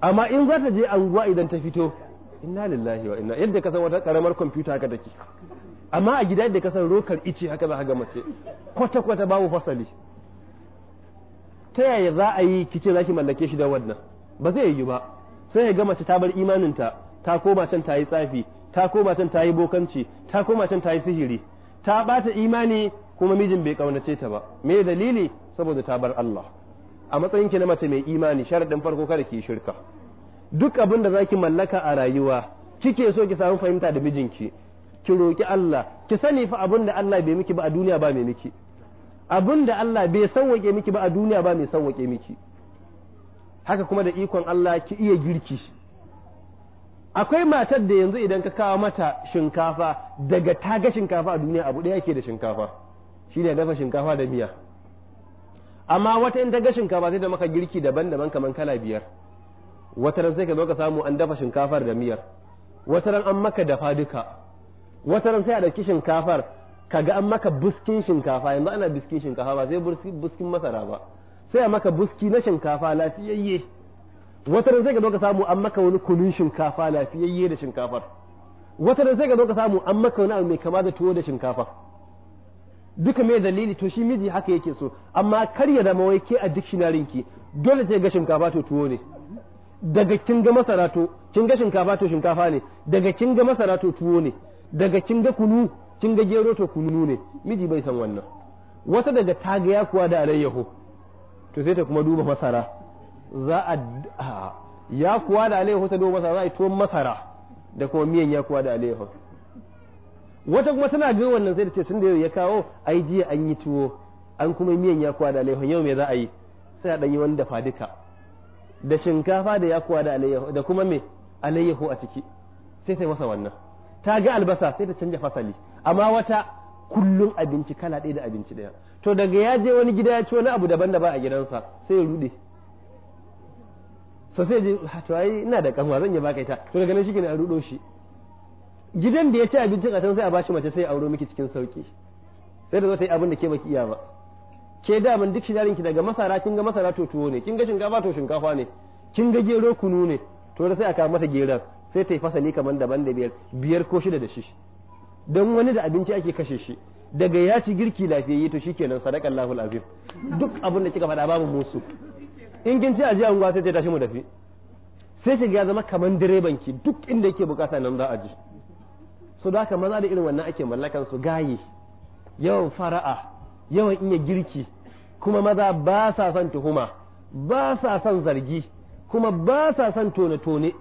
amma in za ta je anguwa idan ta fito inna lillahi wa inna yadda ka san wata karamar kwamfuta haka take amma a gida yadda ka san rokar ice haka za ka ga mace kwata kwata babu fasali ta yaya za a yi kice za ki mallake shi da wannan ba zai yi ba sai ya ga ta bar imaninta ta koma can ta yi tsafi ta koma can ta yi bokanci ta koma can ta yi sihiri ta bata imani kuma mijin bai kaunace ta ba me dalili saboda ta bar Allah a matsayin ki na mace mai imani sharadin farko kada ki shirka duk abin da zaki mallaka a rayuwa kike so ki samu fahimta da mijinki ki roki Allah ki sani fa abin da Allah bai miki ba a duniya ba mai miki abin da Allah bai sauwake miki ba a duniya ba mai sauwake miki haka kuma da ikon Allah ki iya girki akwai matar da yanzu idan ka kawo mata shinkafa daga ta ga shinkafa a duniya abu ɗaya ke da shinkafa shi ne dafa shinkafa da miya amma wata in ta ga shinkafa sai da maka girki daban-daban kamar kala biyar wata ran sai ka zo ka samu an dafa shinkafar da miyar wata ran an maka dafa duka wata ran sai a ɗauki shinkafar kaga an maka buskin shinkafa yanzu ana buskin shinkafa ba sai buskin masara ba sai a maka buski na shinkafa lafiyayye wata ran sai ka zo ka samu an maka wani kunun shinkafa lafiyayye da shinkafar wata da sai ka zo ka samu an maka wani abu mai kama da tuwo da shinkafa duka mai dalili to shi miji haka yake so amma kar ya zama wai ke a dictionary ki dole sai ga shinkafa to tuwo ne daga kin ga masara to kin ga shinkafa to shinkafa ne daga kin ga masara to tuwo ne daga kin ga kunu kin ga gero to kunu ne miji bai san wannan wata daga tagaya kuwa da alayyaho to sai ta kuma duba masara za a ya kuwa da alayyahu ta duba masara za a yi tuwon masara da kuma miyan ya kuwa da alayyahu wata kuma tana ga wannan sai da ce tun da ya kawo ai jiya an yi tuwo an kuma miyan ya kuwa da alayyahu yau me za a yi sai a ɗanyi wani dafa duka da shinkafa da ya kuwa da alayyahu da kuma me alayyahu a ciki sai sai masa wannan ta ga albasa sai ta canja fasali amma wata kullum abinci kala ɗaya da abinci ɗaya to daga ya je wani gida ya ci wani abu daban da ba a gidansa sai ya rude so sai je to ai ina da kanwa zan yi baka ita to daga nan shi ne a rudo shi gidan da ya ci abincin a can sai a bashi mace sai ya auro miki cikin sauki sai da zo ta yi abin da ke baki iya ba ke da mun duk shi ki daga masara kin ga masara to tuwo ne kin ga shinkafa to shinkafa ne kin ga gero kunu ne to sai a kawo mata geran sai ta yi fasali kamar daban da biyar biyar ko shida da shi don wani da abinci ake kashe shi daga ya ci girki lafiyayye to shikenan sadakar Allahu azim duk abin da kika faɗa babu musu in kin ci a jiya unguwa sai ta tashi mu dafi sai shiga ya zama kamar direban ki duk inda yake bukata nan za a ji su da haka maza da irin wannan ake mallakan su gaye yawan fara'a yawan iya girki kuma maza ba sa son tuhuma ba sa son zargi kuma ba sa son tone-tone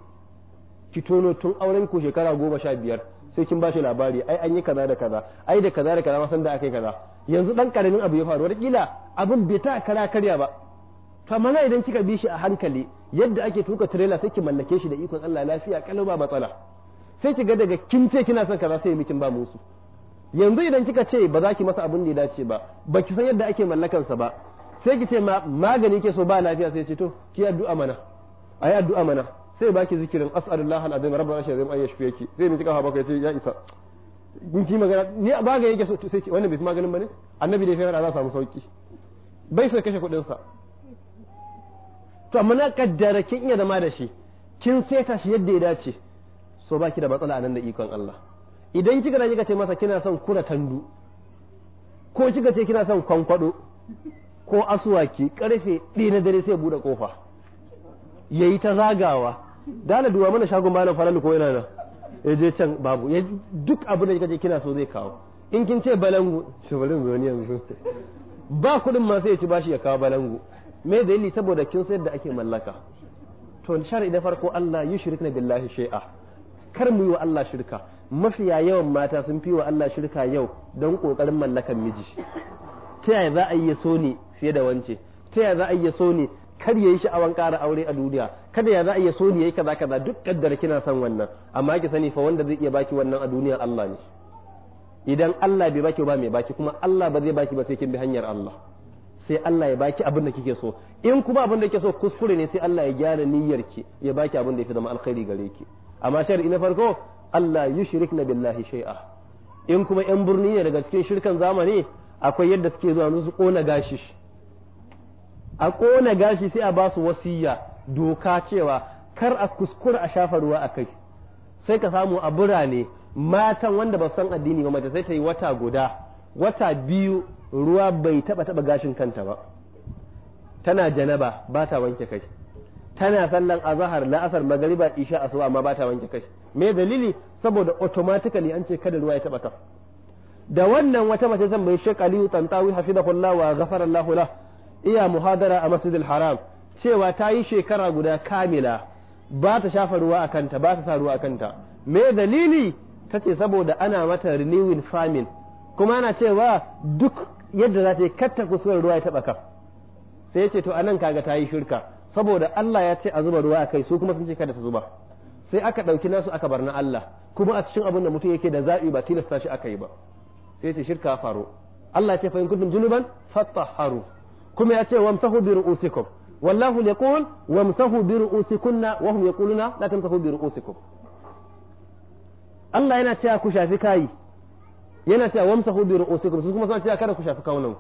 ki tono tun auren ku shekara goma sha biyar sai kin bashi labari ai an yi kaza da kaza ai da kaza da kaza ma san da aka kaza yanzu dan karamin abu ya faru kila abin bai ta kara karya ba To kamar idan kika bi shi a hankali yadda ake tuka trailer sai ki mallake shi da ikon Allah lafiya kalau ba matsala sai ki ga daga kin ce kina son kaza sai kin ba musu yanzu idan kika ce ba za ki masa abin da ya dace ba ba ki san yadda ake sa ba sai ki ce magani ke so ba lafiya sai ce to ki addu'a mana ayi addu'a mana sai baki zikirin as'alullah alazim rabbana shi azim ayyashfi yake zai miki kafa baka yace ya isa mun ki magana ni ba ga yake so sai wannan bai fi maganin bane annabi da ya fara za samu sauki bai sai kashe kudin sa to amma na kaddara kin iya zama da shi kin saita shi yadda ya dace so baki da matsala nan da ikon Allah idan kika da kika ce masa kina son kura tandu ko kika ce kina son kwankwado ko asuwaki karfe 1 na dare sai bude kofa yayi ta zagawa dala duwa mana shagon malam falalu ko yana nan ya je can babu ya duk abin da kika kaje kina so zai kawo in kin ce balangu shugaban mu wani yanzu ba kuɗin masu sai ya ci bashi ya kawo balangu me dalili saboda kin sayar da ake mallaka to shari'i da farko Allah yushrikna billahi shay'a kar mu yi wa Allah shirka mafiya yawan mata sun fi wa Allah shirka yau don kokarin mallakan miji ta yaya za a yi so ne fiye da wance ta yaya za a yi so ne kar ya yi sha'awan ƙara aure a duniya kada ya za a iya so ne yayi kaza kaza duk kaddara kina son wannan amma ki sani fa wanda zai iya baki wannan a duniyar Allah ne idan Allah bai baki ba mai baki kuma Allah ba zai baki ba sai kin bi hanyar Allah sai Allah ya baki abin da kike so in kuma abin da kike so kuskure ne sai Allah ya gyara niyyar ki ya baki abin da yafi zama alkhairi gare ki amma shar ina farko Allah yushrikna billahi shay'a in kuma yan birni ne daga cikin shirkan zamani akwai yadda suke zuwa su kona gashi a kona gashi sai a ba su wasiya. doka cewa kar a kuskura a shafa ruwa a kai sai ka samu a birane matan wanda ba san addini ba mace sai ta yi wata guda wata biyu ruwa bai taba taba gashin kanta ba tana janaba ba ta wanke kai tana sallan azahar la'asar magariba isha asuba amma ba ta wanke kai me dalili saboda automatically an ce kada ruwa ya taba ta da wannan wata mace zan bai shekali Tantawi hafizahullah wa ghafarallahu lahu iya muhadara a Masjidil Haram cewa ta yi shekara guda kamila ba ta shafa ruwa a kanta ba ta sa ruwa a kanta me dalili ta ce saboda ana mata renewing farming kuma ana cewa duk yadda za ta yi katta kusurar ruwa ya taba kaf sai ya ce to anan kaga ta yi shirka saboda Allah ya ce a zuba ruwa a kai su kuma sun ce kada su zuba sai aka ɗauki nasu aka bar na Allah kuma a cikin abin da mutum yake da zaɓi ba tilasta shi aka yi ba sai ya ce shirka faru Allah ya ce fa in kuntum junuban fattaharu kuma ya ce wamsahu bi ru'usikum والله يقول وامسحوا bi وهم يقولون لا تمسحوا برؤوسكم الله bi ru'usikum Allah yana cewa ku shafi kai yana cewa wamsahu bi ru'usikum su kuma suna cewa kada ku shafi kawunan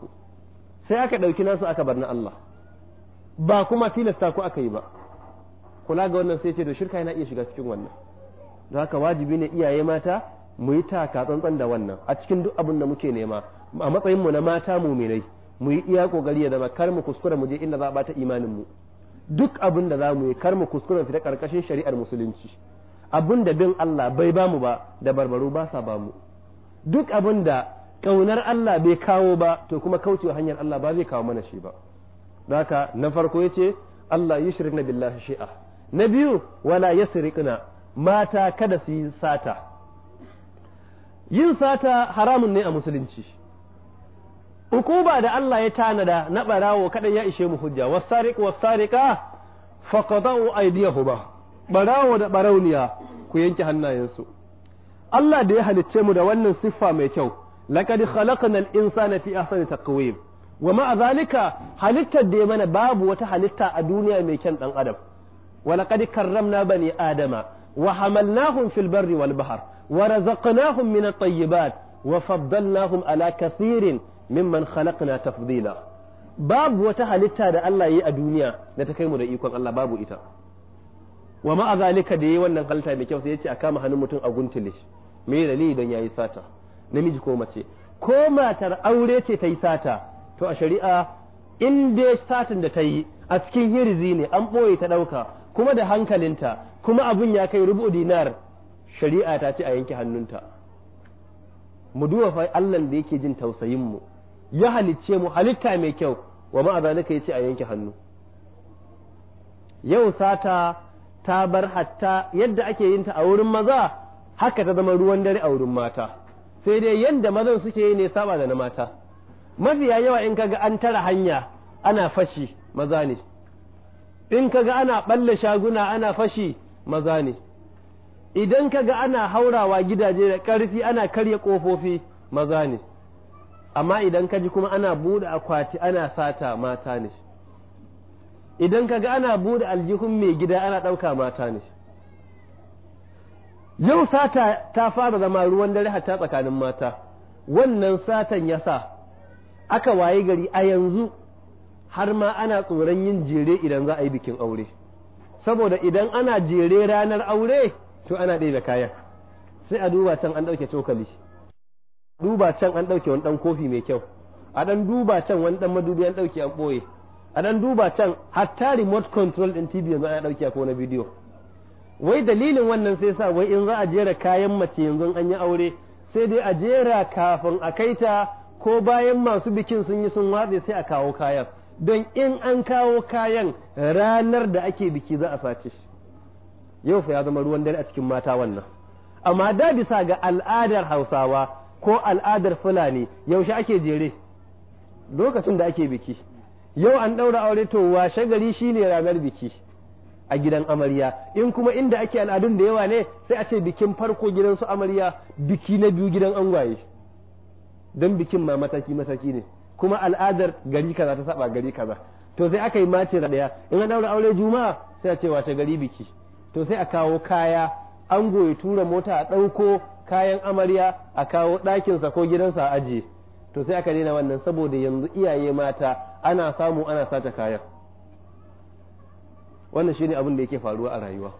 sai aka dauki nasu aka bar na Allah ba kuma tilasta ku aka yi ba kula ga wannan sai ce to shirka yana iya shiga cikin wannan don haka wajibi ne iyaye mata mu yi taka tsantsan da wannan a cikin duk abin da muke nema a matsayin mu na mata mu muminai mu yi iya kokari ya zama kar mu kuskura mu je inda za a bata imanin mu duk abin da za mu yi kar mu kuskura fita karkashin shari'ar musulunci abin da bin Allah bai ba mu ba da barbaro ba sa ba mu duk abin da kaunar Allah bai kawo ba to kuma kaucewa hanyar Allah ba zai kawo mana shi ba haka na farko ya ce Allah yi na billahi shi'a na biyu wala yasriqna mata kada su yi sata yin sata haramun ne a musulunci ukuba da Allah ya tanada na barawo kadan ya ishe mu hujja wasariq wasariqa faqadau aydiyahuma barawo da ɓarauniya ku yanke hannayensu Allah da ya halicce mu da wannan siffa mai kyau laqad khalaqnal insana fi ahsani taqwim wa ma'a zalika halittar da ya mana babu wata halitta a duniya mai kyan ɗan adam wa laqad karramna bani adama wa hamalnahum fil barri wal bahr wa razaqnahum min at-tayyibat wa faddalnahum ala kathirin mimman khalaqna tafdila babu wata halitta da Allah yi a duniya da ta kai mu da ikon Allah babu ita wa ma zalika da yayi wannan halitta mai kyau sai ya ce a kama hannun mutum a guntule shi me dalili don yayi sata namiji ko mace ko matar aure ce ta yi sata to a shari'a in dai satin da ta yi a cikin hirzi ne an ɓoye ta ɗauka kuma da hankalinta kuma abin ya kai rubu dinar shari'a ta ce a yanke hannunta mu duba fa Allah da yake jin tausayin mu ya halicce mu halitta mai kyau wa ma zalika yace a yanke hannu yau sata ta bar hatta yadda ake yin ta a wurin maza haka ta zama ruwan dare a wurin mata sai dai yadda mazan suke yi ne saba da na mata mafiya yawa in kaga an tara hanya ana fashi maza ne in kaga ana balle shaguna ana fashi maza ne idan kaga ana haurawa gidaje da ƙarfi ana karya ƙofofi maza ne amma idan ka ji kuma ana bude akwati ana sata mata ne idan ka ga ana bude aljihun mai gida ana ɗauka mata ne yau sata ta fara zama ruwan dare hatta tsakanin mata wannan satan ya sa aka waye gari a yanzu har ma ana tsoron yin jere idan za a yi bikin aure saboda idan ana jere ranar aure to ana ɗaya da kayan sai a duba can an ɗauke cokali duba can an ɗauke wani ɗan kofi mai kyau a ɗan duba can wani ɗan madubi an ɗauke an ɓoye a ɗan duba can hatta remote control ɗin TV yanzu ana ɗauke ko na bidiyo wai dalilin wannan sai sa wai in za a jera kayan mace yanzu an yi aure sai dai a jera kafin a kai ta ko bayan masu bikin sun yi sun watse sai a kawo kayan don in an kawo kayan ranar da ake biki za a sace shi yau fa ya zama ruwan dare a cikin mata wannan amma da bisa ga al'adar Hausawa ko al'adar fulani yaushe ake jere lokacin da ake biki yau an ɗaura aure to washe gari shine ranar biki a gidan amarya in kuma inda ake al'adun da yawa ne sai a ce bikin farko gidan su amarya biki na biyu gidan angwaye don bikin ma mataki mataki ne kuma al'adar gari kaza ta saba gari kaza to sai aka yi mace da daya in an ɗaura aure juma'a sai a ce washe gari biki to sai a kawo kaya ango ya tura mota a ɗauko kayan amarya a kawo ɗakinsa ko gidansa a ajiye to sai aka daina wannan saboda yanzu iyaye mata ana samu ana sace kayan wannan shine abin da yake faruwa a rayuwa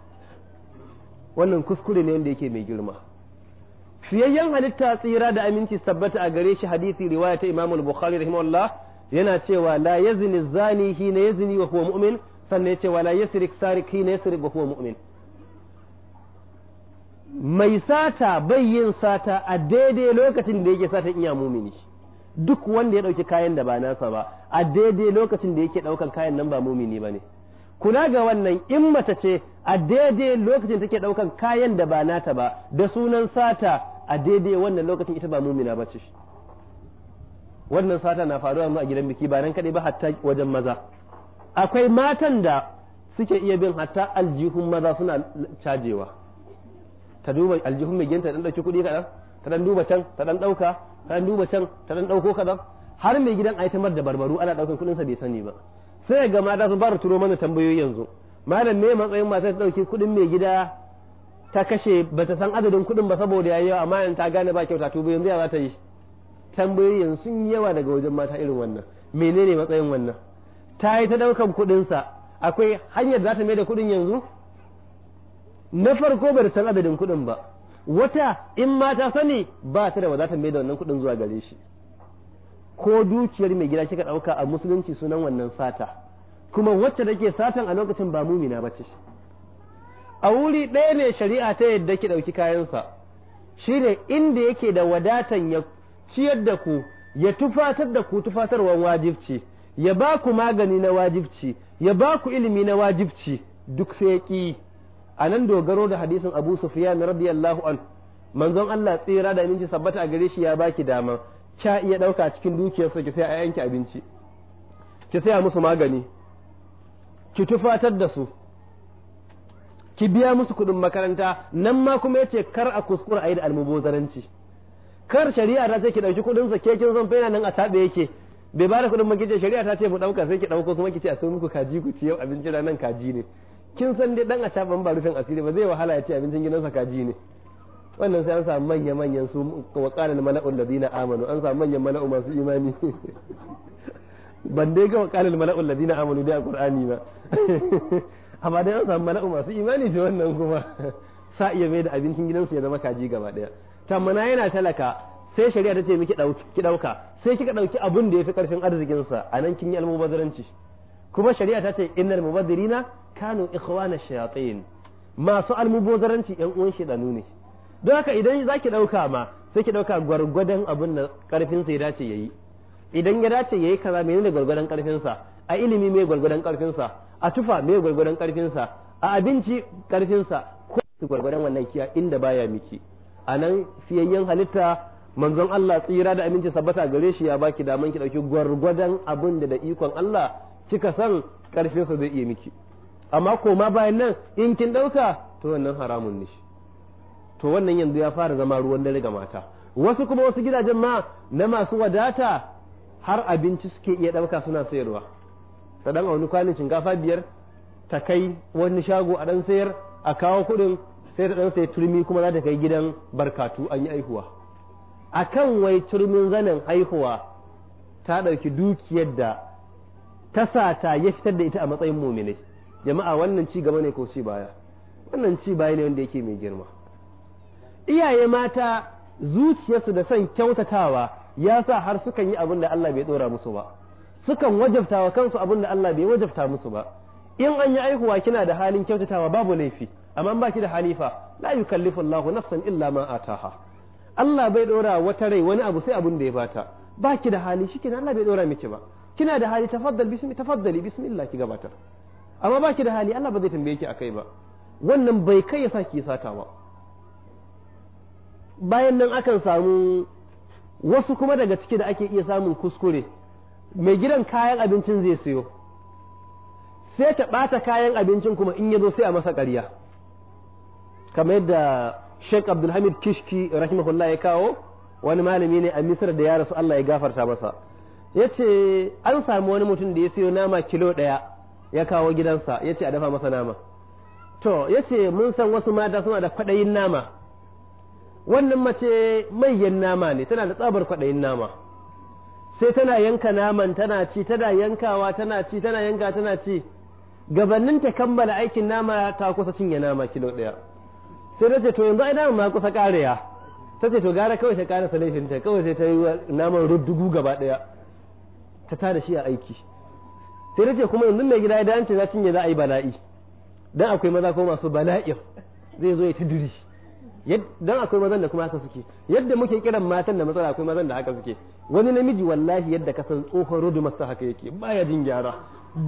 wannan kuskure ne wanda yake mai girma fiyayyen halitta tsira da aminci tabbata a gare shi hadisi riwaya ta imamul bukhari rahimahullah yana cewa la yazni zani hina yazni wa huwa mu'min sannan ya ce wa la yasrik sarik hina yasrik wa huwa mu'min mai sata bai yin sata a daidai lokacin da yake sata iya mumini duk wanda ya ɗauki kayan da ba nasa ba a daidai lokacin da yake ɗaukan kayan nan ba mumini ba ne kula ga wannan in mace ce a daidai lokacin take ɗaukan kayan da ba nata ba da sunan sata a daidai wannan lokacin ita ba mumina ba ce wannan sata na faruwa mu a gidan biki ba nan kaɗai ba hatta wajen maza akwai matan da suke iya bin hatta aljihun maza suna cajewa ta duba aljihun mai ginta ta dan dauki kuɗi kaɗan ta dan duba can ta dan ɗauka ta dan duba can ta dan ɗauko kaɗan har mai gidan ai tamar da barbaru ana ɗaukan kuɗinsa bai sani ba sai ga mata su fara turo mana tambayoyi yanzu malam me matsayin mata ta ɗauki kuɗin mai gida ta kashe bata san adadin kuɗin ba saboda ya yayi yawa amma in ta gane ba kyauta to yanzu ya za ta yi tambayoyi yanzu sun yawa daga wajen mata irin wannan menene matsayin wannan ta yi ta ɗaukan kuɗinsa akwai hanyar da za ta mai da kuɗin yanzu na farko bai san adadin kuɗin ba wata in ma ta sani ba ta da wadatar mai da wannan kuɗin zuwa gare shi ko dukiyar mai gida kika ɗauka a musulunci sunan wannan sata kuma wacce take satan a lokacin ba mumina ba ce a wuri ɗaya ne shari'a ta yadda ki ɗauki kayansa shi ne inda yake da wadatan ya ciyar da ku ya tufatar da ku tufatarwar wajibci ya ba ku magani na wajibci ya ba ku ilimi na wajibci duk sai ya ƙi a nan dogaro da hadisin Abu sufiyan radiyallahu an manzon Allah tsira da aminci sabbata a gare shi ya baki dama kya iya dauka cikin dukiyarsa ki sai a yanki abinci ki saya musu magani ki tufatar da su ki biya musu kuɗin makaranta nan ma kuma yace kar a kuskura a yi da almubozaranci kar shari'a ta ce ki ɗauki kuɗin sa kekin zan fena nan a taɓe yake bai ba da kuɗin man ce, shari'a ta ce mu ɗauka sai ki ɗauko kuma ki ce a sai muku kaji ku ci yau abinci ranan kaji ne kin san dai dan a shaban ba rufin asiri ba zai wahala ya ce abincin gidansa kaji ne wannan sai an samu manya manyan su wa qalal mala'ul ladina amanu an samu manyan mala'u masu imani [laughs] ban dai ga qalal mala'ul ladina amanu dai a qur'ani ba [laughs] amma dai an samu mala'u masu imani da wannan kuma [laughs] sa iya mai da abincin gidansu ya zama kaji gaba daya tamana yana talaka sai shari'a ta ce miki ki dauka sai kika dauki abun da yafi karfin arzikin sa anan kin yi almubazaranci kuma shari'a ta ce innal mubaddirina kanu ikhwana shayatin masu almubozaranci yan uwan shedanu ne don haka idan zaki dauka ma sai ki dauka gwargwadon abin da karfin sa ya dace yayi idan ya dace yayi kaza menene gwargwadon karfin sa a ilimi me gwargwadon karfin sa a tufa me gwargwadon karfin sa a abinci karfin sa ko gwargwadon wannan kiya inda baya miki anan fiyayyen halitta manzon Allah tsira da aminci sabbata gare shi ya baki daman ki dauki gwargwadon abin da da ikon Allah kika san karfin sa zai iya miki amma koma bayan nan in kin dauka to wannan haramun ne to wannan yanzu ya fara zama ruwan dare ga mata wasu kuma wasu gidajen ma na masu wadata har abinci suke iya dauka suna sayarwa ta dan wani kwanin shinkafa biyar ta kai wani shago a dan sayar a kawo kuɗin sai da dan sai turmi kuma za ta kai gidan barkatu an yi aihuwa akan wai turmin zanen haihuwa ta ɗauki dukiyar da ta sata ya fitar da ita a matsayin muminai jama'a wannan ci gaba ne ko ci baya wannan ci baya ne wanda yake mai girma iyaye mata zuciyarsu da son kyautatawa ya sa har sukan yi abin da Allah bai dora musu ba sukan wajabtawa kansu abin da Allah bai wajabta musu ba in an yi aihuwa kina da halin kyautatawa babu laifi amma ba baki da halifa la yukallifu Allahu nafsan illa ma ataha Allah bai dora wata rai wani abu sai abin da ya bata baki da hali shikenan Allah bai dora miki ba kina da hali tafaddal bismi tafaddali bismillah ki gabatar amma baki da hali Allah ba zai tambaye ki akai ba wannan bai kai ya sa ki sata ba bayan nan akan samu wasu kuma daga ciki da ake iya samun kuskure mai gidan kayan abincin zai siyo sai ta ɓata kayan abincin kuma in ya zo sai a masa ƙarya kamar yadda Sheikh Abdulhamid Kishki rahimahullah ya kawo wani malami ne a Misir da ya rasu Allah ya gafarta masa ya ce an sami wani mutum da ya siyo nama kilo ɗaya ya kawo gidansa ya ce a dafa masa nama to ya ce mun san wasu mata suna da kwaɗayin nama wannan mace mayan nama ne tana da tsabar kwaɗayin nama sai tana yanka naman tana ci tana yankawa tana ci tana yanka tana ci gabanin ta kammala aikin nama ta kusa cinye nama kilo ɗaya sai ta ce to yanzu ai ma kusa ƙariya ta ce to gara kawai ta ƙara salifin ta kawai sai ta yi naman ruddugu gaba ɗaya ta tada shi a aiki sai nace kuma yanzu mai gida idan ce za cinye za a yi bala'i dan akwai maza ko masu bala'ir zai zo ya ta duri dan akwai mazan da kuma haka suke yadda muke kiran matan da matsala akwai mazan da haka suke wani namiji wallahi yadda ka san tsohon rodu masa haka yake baya jin gyara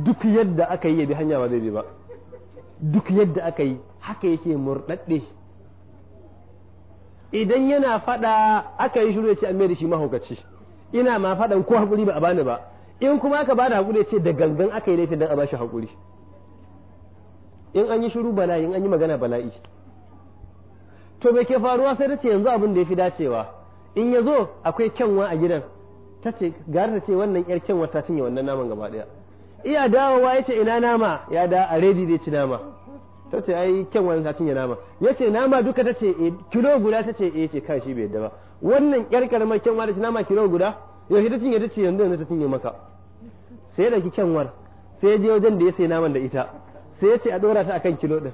duk yadda aka yi ya bi hanya ba zai bi ba duk yadda aka yi haka yake murɗaɗɗe idan yana faɗa aka yi shiru ya ce an mai da shi mahaukaci ina ma faɗan ko hakuri ba a bani ba in kuma aka bada hakuri ce da gangan aka yi laifin dan a bashi hakuri in an yi shiru bala'i in an yi magana bala'i to me ke faruwa sai ta ce yanzu abin da ya fi dacewa in ya zo akwai kyanwa a gidan ta ce gari ta ce wannan yar kyanwa ta cinye wannan naman gaba daya iya dawowa ya ce ina nama ya da a redi zai ci nama ta ce ai kyanwa ta cinye nama ya ce nama duka ta ce eh, kilo guda ta ce eh ce kan shi bai da ba wannan yar karamar kyanwa da ci nama kilo guda yaushe ta cinye ta ce yanzu yanzu ta cinye maka sai ya ɗauki kyanwar sai ya je wajen da ya sai naman da ita sai ya ce a ɗora ta akan kilo ɗin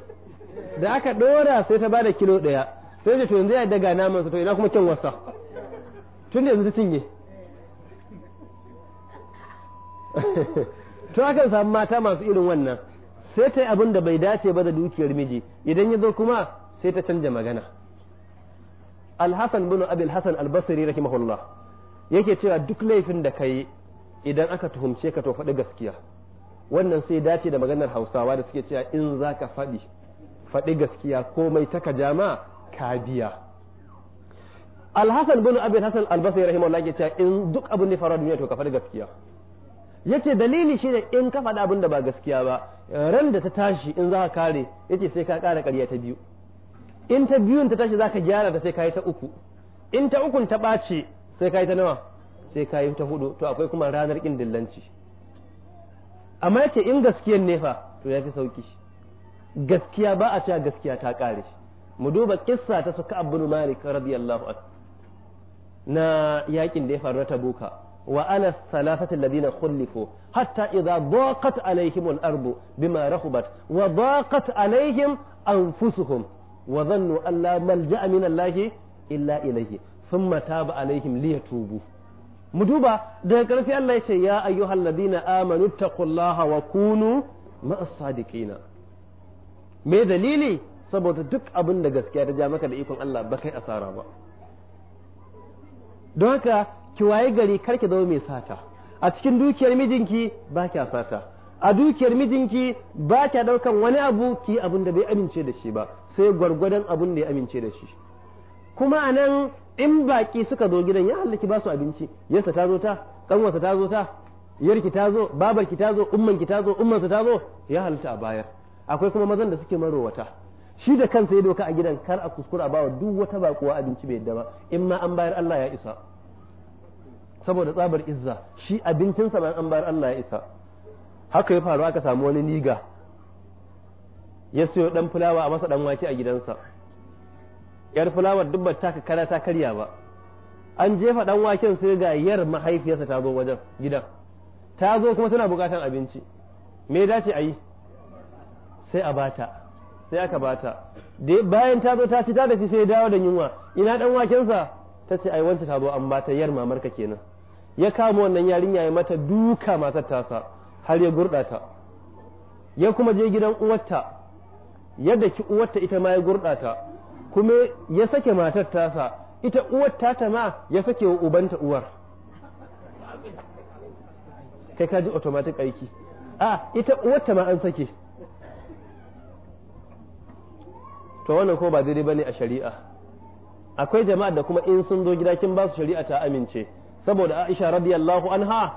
da aka dora sai ta bada kilo daya sai ya to yanzu ya daga naman sa to ina kuma kyanwar sa tun da yanzu ta cinye [laughs] to akan samu mata masu irin wannan sai ta yi abin da bai dace ba da dukiyar miji idan ya zo kuma sai ta canja magana alhassan bin abil hasan albasri rahimahullah yake cewa duk laifin da ka yi idan aka tuhumce ka to faɗi gaskiya wannan sai dace da maganar hausawa da suke cewa in za ka faɗi faɗi gaskiya komai ta ka jama ka biya alhassan bin abin hassan albasai rahimahullah ke cewa in duk abin da faru duniya to ka faɗi gaskiya yace dalili shine in ka faɗi abin da ba gaskiya ba ran da ta tashi in za ka kare yace sai ka ƙara ƙarya ta biyu in ta biyun ta tashi za ka gyara ta sai ka yi ta uku in ta ukun ta ɓace sai ka yi ta nawa sai ka yi ta hudu to akwai kuma ranar kin dillanci amma yace in gaskiyan ne fa to ya fi sauki gaskiya ba a cewa gaskiya ta ƙare mu duba kissa ta su ka'ab bin malik radiyallahu anhu na yakin da ya faru na tabuka wa ana salasatu alladhina khulifu hatta idza daqat alaihim al-ardu bima rahubat wa daqat alaihim anfusuhum wa dhannu an la malja'a min allahi illa ilayhi mata ba alaihim tubu mu duba daga karfi Allah ya ce ya ayyuhal halladina amanu taqullaha wa kunu ma'as sadiqina me dalili saboda duk abin da gaskiya ta ja maka da ikon Allah ba kai asara ba don haka ki waye gari kar ki zama mai sata a cikin dukiyar mijinki ba kya sata a dukiyar mijinki ba kya daukan wani abu ki abin da bai amince da shi ba sai gwargwadon abin da ya amince da shi kuma a in baƙi suka zo gidan ya halaki ba su abinci yarsa ta zo ta ƙanwarsa ta zo ta yarki ta zo babarki ta zo ummanki ta zo ummansa ta zo ya halitta a bayar akwai kuma mazan da suke marowata shi da kansa ya doka a gidan kar a kuskura bawa duk wata bakuwa abinci bai yadda ba in ma an bayar Allah ya isa saboda tsabar izza shi abincinsa ma an bayar Allah ya isa haka ya faru aka samu wani niga ya siyo dan fulawa a masa dan wake a gidansa yar fulawar duk bata ka kara ta karya ba an jefa dan waken sai ga yar mahaifiyarsa ta zo wajen gidan ta zo kuma tana bukatan abinci me dace a sai a bata sai aka bata da bayan ta zo ta ci ta shi sai dawo da yunwa ina dan wakensa ta ce ai wanta ta zo an bata yar mamarka kenan ya kama wannan yarinya ya mata duka matar tasa har ya gurdata ya kuma je gidan uwarta yadda ki uwarta ita ma ya gurdata kuma ya sake matar tasa ita uwar tata ma ya sake wa ubanta uwar kai ka ji automatic aiki a ita uwar ta ma an sake to wannan ko ba daidai bane a shari'a akwai jama'a da kuma in sun zo gida kin ba su shari'a ta amince saboda Aisha radiyallahu anha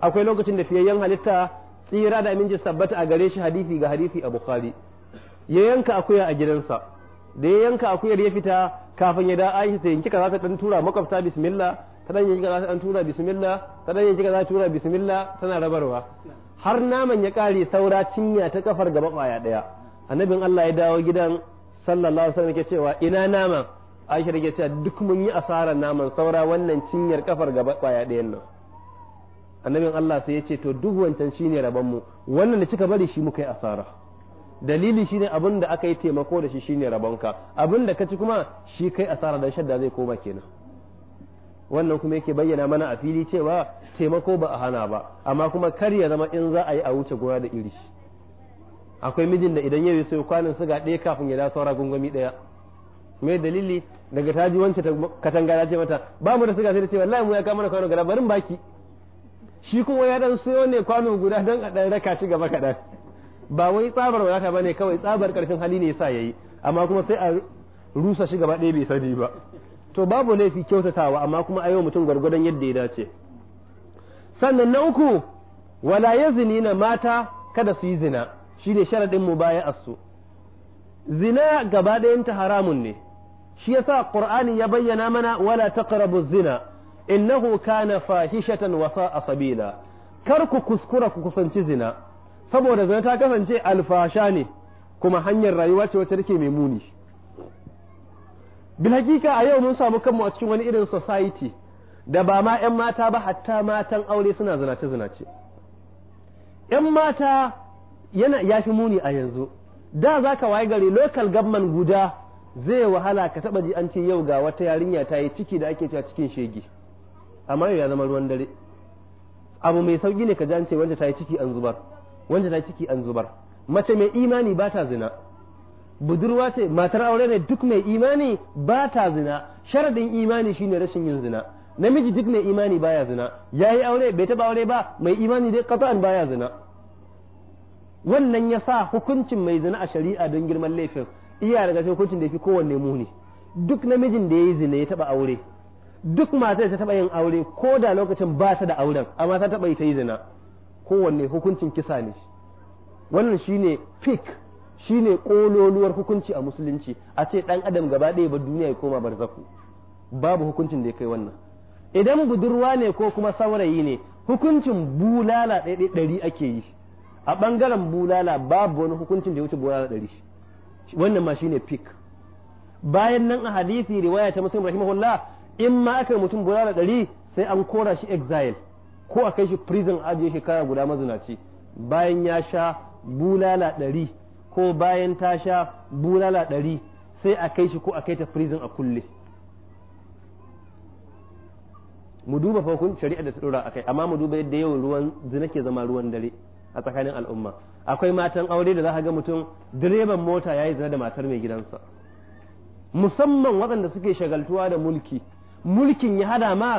akwai lokacin da fiyayyen halitta tsira da aminci sabbata a gare shi hadisi ga hadisi a Bukhari ya yanka akuya a gidansa da ya yanka akuyar ya fita kafin ya da aisha ta yanki kaza ta dan tura makwabta bismillah ta dan yanki kaza ta dan tura bismillah ta dan yanki kaza ta tura bismillah tana rabarwa har naman ya kare saura cinya ta kafar gaba baya daya annabin Allah ya dawo gidan sallallahu alaihi wasallam ke cewa ina naman aisha ke cewa duk mun yi asarar naman saura wannan cinyar kafar gaba baya dayan nan annabin Allah sai ya ce to duk wancan shine rabon mu wannan da kika bari shi muka yi asara dalili shine abin da aka yi taimako da shi shine ka abin da ka ci kuma shi kai asara da shadda zai koma kenan wannan kuma yake bayyana mana a fili cewa taimako ba a hana ba amma kuma kar ya zama in za a yi a wuce gona da iri akwai mijin da idan ya yi sai kwanin suga ɗaya kafin ya da saura gungumi ɗaya mai dalili daga ta ji wancan katanga ta ce mata ba mu da suga sai da ce wallahi mu ya kama kwano gara barin baki shi kuma ya dan siyo ne kwano guda dan a dan raka shi gaba kaɗan ba wai tsabar wadata ne kawai tsabar karfin hali ne ya yayi amma kuma sai a rusa shi gaba ɗaya bai sani ba to babu laifi kyautatawa amma kuma ayo mutum gwargwadon yadda ya dace sannan na uku wala yazni na mata kada su yi zina shine sharadin asu zina gaba ɗayanta haramun ne shi yasa qur'ani ya bayyana mana wala taqrabu zina innahu kana fahishatan wasa a sabila kar ku kuskura ku kusanci zina saboda zina ta kasance alfasha ne kuma hanyar rayuwa ce wacce take mai muni bil hakika a yau mun samu kanmu a cikin wani irin society da ba ma 'yan mata ba hatta matan aure suna zinace zinace 'yan mata yana ya muni a yanzu da za ka waye gari local government guda zai wahala ka taba ji an ce yau ga wata yarinya ta yi ciki da ake cewa cikin shege amma yau ya zama ruwan dare abu mai sauki ne ka ji an ce wanda ta yi ciki an zubar wanda na ciki an zubar mace mai imani ba ta zina budurwa ce matar aure ne duk mai imani ba ta zina sharadin imani shine rashin yin zina namiji duk mai imani baya zina yayi aure bai taba aure ba mai imani dai qat'an baya zina wannan ya sa hukuncin mai zina a shari'a don girman laifin iya daga hukuncin da fi kowanne muni duk namijin da ya yi zina ya taba aure duk matar ta taba yin aure ko da lokacin ba ta da auren amma ta taba yi ta yi zina kowanne hukuncin kisa ne wannan shine fik shine kololuwar hukunci a musulunci a ce dan adam gaba ɗaya ba duniya ya koma barzaku babu hukuncin da ya kai wannan idan budurwa ne ko kuma saurayi ne hukuncin bulala ɗaya ɗari ake yi a ɓangaren bulala babu wani hukuncin da ya wuce bulala ɗari wannan ma shine fik bayan nan a hadisi riwaya ta muslim rahimahullah in ma aka mutum bulala ɗari sai an kora shi exile ko a kai shi prison ajiye shekara guda mazinaci bayan ya sha bulala ɗari ko bayan ta sha bulala ɗari sai a kai shi ko a kai ta prison a kulle mu duba farkon shari'a da ta dora akai amma mu duba yadda yawan ruwan zina ke zama ruwan dare a tsakanin al'umma akwai matan aure da za ga mutum direban mota ya yi zina da matar mai gidansa musamman waɗanda suke shagaltuwa da mulki mulkin ya hada ma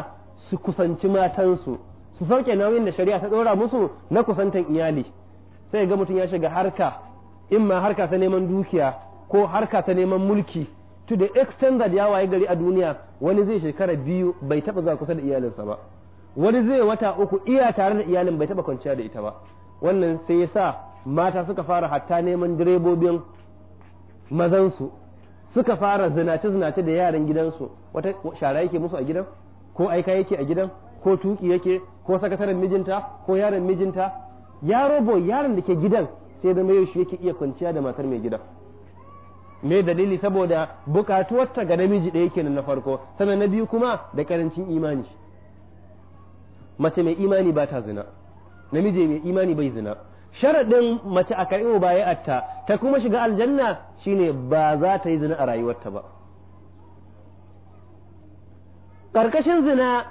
su kusanci matansu su sauke nauyin da shari'a ta dora musu na kusantan iyali sai ga mutum ya shiga harka in ma harka ta neman dukiya ko harka ta neman mulki to the extent ya waye gari a duniya wani zai shekara biyu bai taba zuwa kusa da iyalinsa ba wani zai wata uku iya tare da iyalin bai taba kwanciya da ita ba wannan sai ya sa mata suka fara hatta neman direbobin mazansu suka fara zinace zinace da yaran gidansu wata shara yake musu a gidan ko aika yake a gidan ko tuki yake ko sakataren mijinta ko yaron mijinta yaro boy yaron da ke gidan sai da mai shi yake iya kwanciya da matar mai gidan me dalili saboda bukatuwar ta ga namiji da yake na farko sannan na biyu kuma da karancin imani mace mai imani ba ta zina namiji mai imani bai zina sharaɗin mace a karɓi atta ta kuma shiga aljanna shine ba za ta yi zina a rayuwarta ba ƙarƙashin zina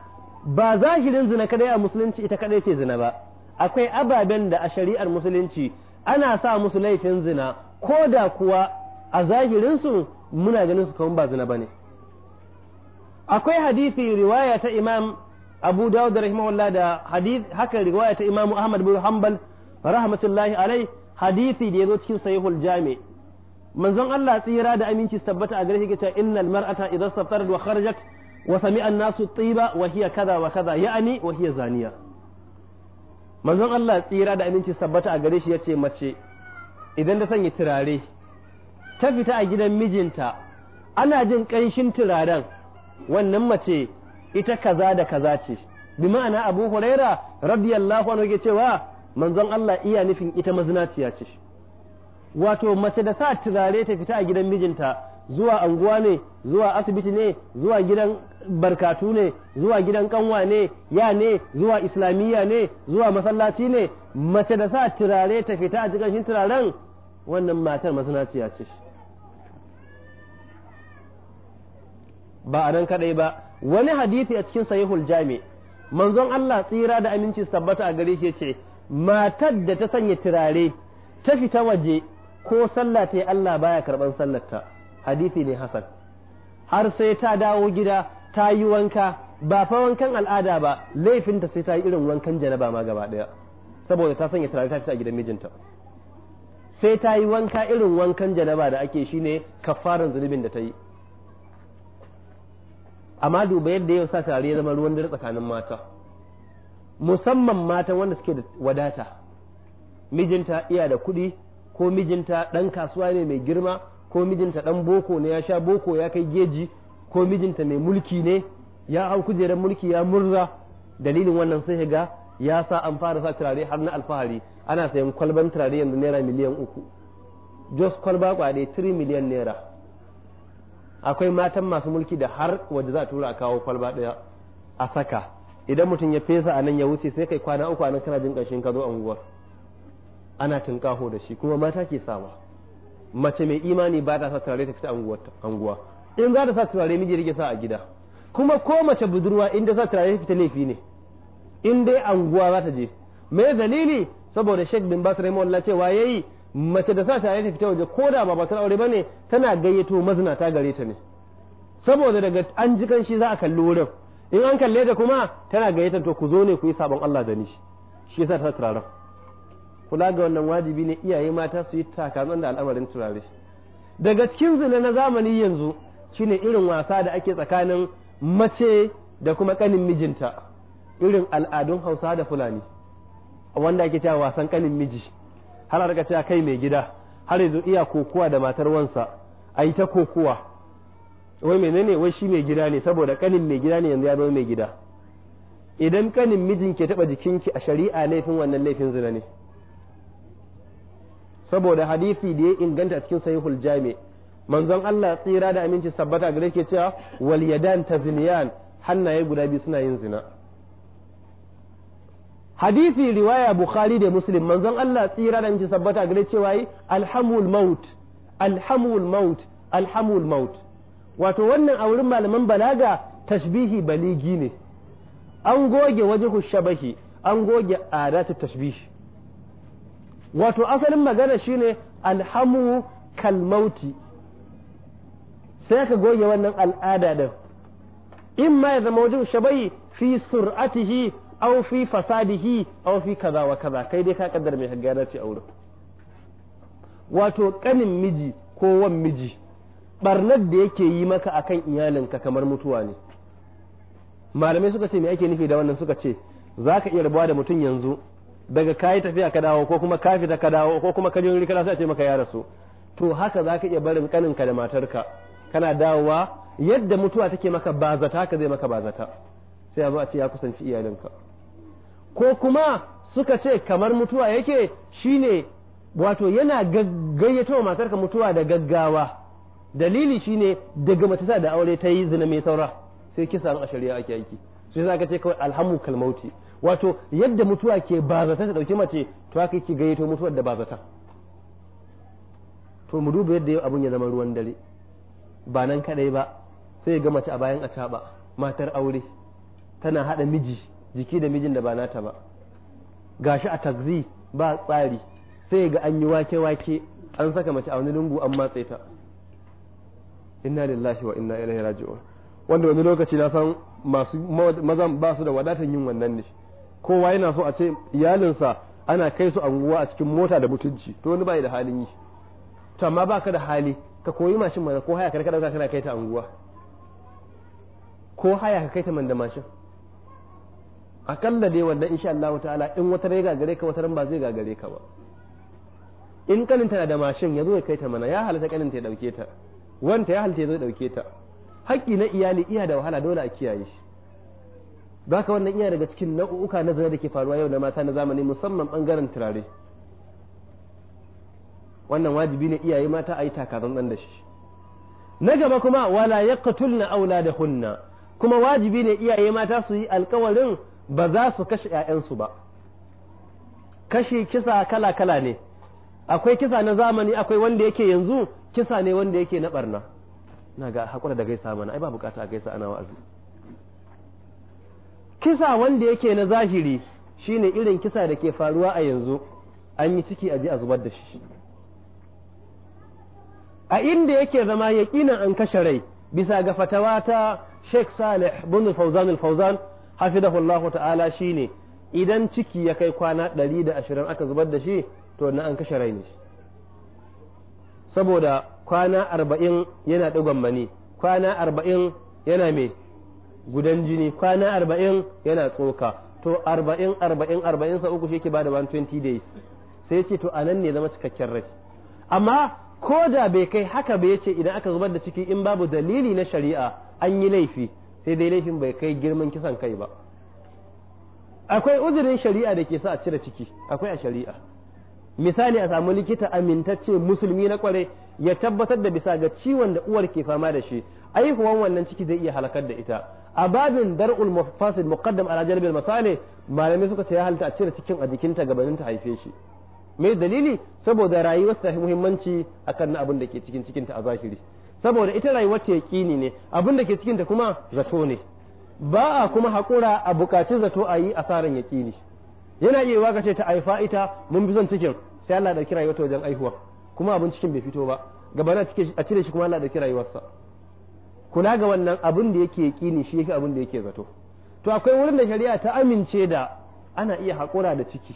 ba zahirin zina kadai a musulunci ita kadai ce zina ba akwai ababen da a shari'ar musulunci ana sa musu laifin zina ko da kuwa a zahirinsu muna ganin su kamar ba zina bane akwai hadisi riwaya ta imam abu dawud rahimahullah da hadith haka riwaya ta imam ahmad bin hanbal rahmatullahi alai hadisi da yazo cikin sahihul jami manzon Allah tsira da aminci tabbata a gare shi cewa innal mar'ata idza saftarat wa kharajat wa nasu tsiba wa hiya kaza wa kaza ya'ani wa hiya zaniya manzon Allah tsira da aminci sabbata a gare shi ya ce mace idan da sanya turare ta fita a gidan mijinta ana jin ƙanshin turaren wannan mace ita kaza da kaza ce bi ma'ana abu huraira radiyallahu anhu ke cewa manzon Allah iya nufin ita mazinaciya ce wato mace da sa turare ta fita a gidan mijinta zuwa anguwa ne zuwa asibiti ne zuwa gidan barkatu ne zuwa gidan kanwa ne ya ne zuwa islamiyya ne zuwa masallaci ne mace da sa turare ta fita a cikin shin turaren wannan matar masanaciya ce ba a nan kadai ba wani hadisi a cikin sahihul jami manzon Allah tsira da aminci tabbata a gare shi ce matar da ta sanya turare ta fita waje ko sallah ta Allah baya karban sallarta hadisi ne hasan har sai ta dawo gida ta yi wanka ba fa wankan al'ada ba laifinta sai ta yi irin wankan janaba ma gaba daya saboda ta sanya turare ta fita a gidan mijinta sai ta yi wanka irin wankan janaba da ake shi shine kafaran zunubin da ta yi amma duba yadda yau sa turare ya zama ruwan dare tsakanin mata musamman mata wanda suke da wadata mijinta iya da kuɗi ko mijinta ɗan kasuwa ne mai girma ko mijinta dan boko ne ya sha boko ya kai geji ko mijinta mai mulki ne ya hau kujerar mulki ya murza dalilin wannan sai ga ya sa an fara sa turare har na alfahari ana sayan kwalban turare yanzu naira miliyan uku jos kwalba kwade 3 miliyan naira akwai matan masu mulki da har waje za a tura a kawo kwalba daya a saka idan mutum ya fesa a nan ya wuce sai kai kwana uku a nan kana jin ƙarshen ka zo anguwar ana tunkaho da shi kuma mata ke sawa mace mai imani ba ta sa turare ta fita anguwa in za ta sa turare miji rike sa a gida kuma ko mace budurwa in ta sa turare ta fita laifi ne in dai anguwa za ta je me dalili saboda Sheikh bin Bas rahimahullah cewa yayi mace da sa turare ta fita waje ko da ba matar aure ne tana gayyato mazina ta gare ta ne saboda daga an ji kanshi za a kalli wurin in an kalle ta kuma tana gayyatar to ku zo ne ku yi sabon Allah da ni shi yasa ta sa turaren kula ga wannan wajibi ne iyaye mata su yi takatsan da al'amarin turare daga cikin zina na zamani yanzu shine irin wasa da ake tsakanin mace da kuma kanin mijinta irin al'adun hausa da fulani wanda ake cewa wasan kanin miji har a cewa kai mai gida har yanzu iya kokuwa da matar wansa a yi ta kokuwa wai menene wai shi mai gida ne saboda kanin mai gida ne yanzu ya zama mai gida idan kanin mijin ke taba jikinki a shari'a laifin wannan laifin zina ne saboda hadisi da ya inganta cikin sahihul jami manzon Allah tsira da aminci sabbata gare ke cewa wal yadan tazniyan hannaye guda biyu suna yin zina hadisi riwaya bukhari da muslim manzon Allah tsira da aminci sabbata gare cewa alhamul maut alhamul maut alhamul maut wato wannan a wurin malaman balaga tashbihi baligi ne an goge wajen shabahi an goge adatu tashbihi wato asalin magana shine alhamu kalmauti sai ka goge wannan al'ada din in ma ya zama wajen shabai fi sur'atihi aw fi fasadihi aw fi kaza wa kaza kai dai ka kaddar mai haggana ce aure wato kanin miji ko wan miji barnar da yake yi maka akan iyalinka kamar mutuwa ne malamai suka ce me ake nufi da wannan suka ce zaka iya rabuwa da mutum yanzu daga kayi tafiya ka dawo ko kuma kafi ta ka dawo ko kuma ka je wuri sai ce maka ya rasu to haka za ka iya barin kaninka da matarka kana dawowa yadda mutuwa take maka ba zata ka zai maka ba zata sai abu a ce ya kusanci iyalinka ko kuma suka ce kamar mutuwa yake shine wato yana gayyato matarka mutuwa da gaggawa dalili shine daga mace ta da aure ta yi zina mai saura sai kisan a shari'a ake aiki sai za ka ce kawai alhamu kalmauti wato yadda mutuwa ke bazata ta dauke mace to haka yake gayyato mutuwar da bazata to mu duba yadda abun ya zama ruwan dare ba nan kadai ba sai ga mace a bayan a matar aure tana hada miji jiki da mijin da ba nata ba gashi a takzi ba tsari sai ga an yi wake-wake an saka mace a wani lungu an matse ta inna lillahi wa inna ilaihi raji'un wanda wani lokaci na san masu mazan ba su da wadatar yin wannan ne kowa yana so a ce iyalinsa ana kai su anguwa a cikin mota da mutunci to wani bai da halin yi to amma baka da hali ka koyi mashin mana ko haya ka dauka kana kai ta anguwa ko haya ka kai ta manda da mashin akalla dai wannan insha Allah ta'ala in wata rai gagare ka wata ran ba zai gagare ka ba in kanin tana da mashin ya zo ya kai ta mana ya halata kanin ta ya dauke ta wanta ya halata ya zo ya dauke ta haƙƙi na iyali iya da wahala dole a kiyaye shi don ka wannan iya daga cikin nau'uka na zina da ke faruwa yau na mata na zamani musamman bangaren turare wannan wajibi ne iyaye mata a yi takazan da shi na gaba kuma wala ya aula da hunna kuma wajibi ne iyaye mata su yi alkawarin ba za su kashe 'ya'yansu ba kashe kisa kala kala ne akwai kisa na zamani akwai wanda yake yanzu kisa ne wanda yake na barna na ga hakura da gaisa mana ai ba bukata a gaisa ana wa'azi kisa wanda yake na zahiri shine irin kisa da ke faruwa a yanzu an yi ciki a je a zubar da shi a inda yake zama yaƙinan an kashe rai bisa ga fatawa ta Sheikh Salih bin Fauzan al-Fauzan hafidahullahu ta'ala shine idan ciki ya kai kwana 120 aka zubar da shi to na an kashe rai ne saboda kwana 40 yana digon mani kwana 40 yana me gudan jini kwana arba'in yana tsoka to arba'in arba'in arba'in sa uku shi ke bada 120 days sai ce to anan ne zama cikakken rai amma ko da bai kai haka bai ce idan aka zubar da ciki in babu dalili na shari'a an yi laifi sai dai laifin bai kai girman kisan kai ba akwai uzurin shari'a da ke sa a cire ciki akwai a shari'a misali a samu likita amintacce musulmi na kware ya tabbatar da bisa ga ciwon da uwar ke fama da shi aihuwan wannan ciki zai iya halakar da ita a babin dar'ul mafasid muqaddam ala al masalih malamai suka ce ya halitta a cire cikin a jikinta gabanin ta haife shi me dalili saboda rayuwar ta muhimmanci akan na abin da ke cikin cikinta a zahiri saboda ita rayuwar ta yaqini ne abin da ke cikin ta kuma zato ne ba a kuma haƙura a bukaci zato a yi asaran yaqini yana iya yiwa ce ta aifa ita mun bi son cikin sai Allah da dauki ta wajen aihuwa kuma abin cikin bai fito ba gabanin a cire shi kuma Allah da dauki rayuwarsa kula ga wannan abin da yake ne shi yake abin da yake zato to akwai wurin da shari'a ta amince da ana iya haƙura da ciki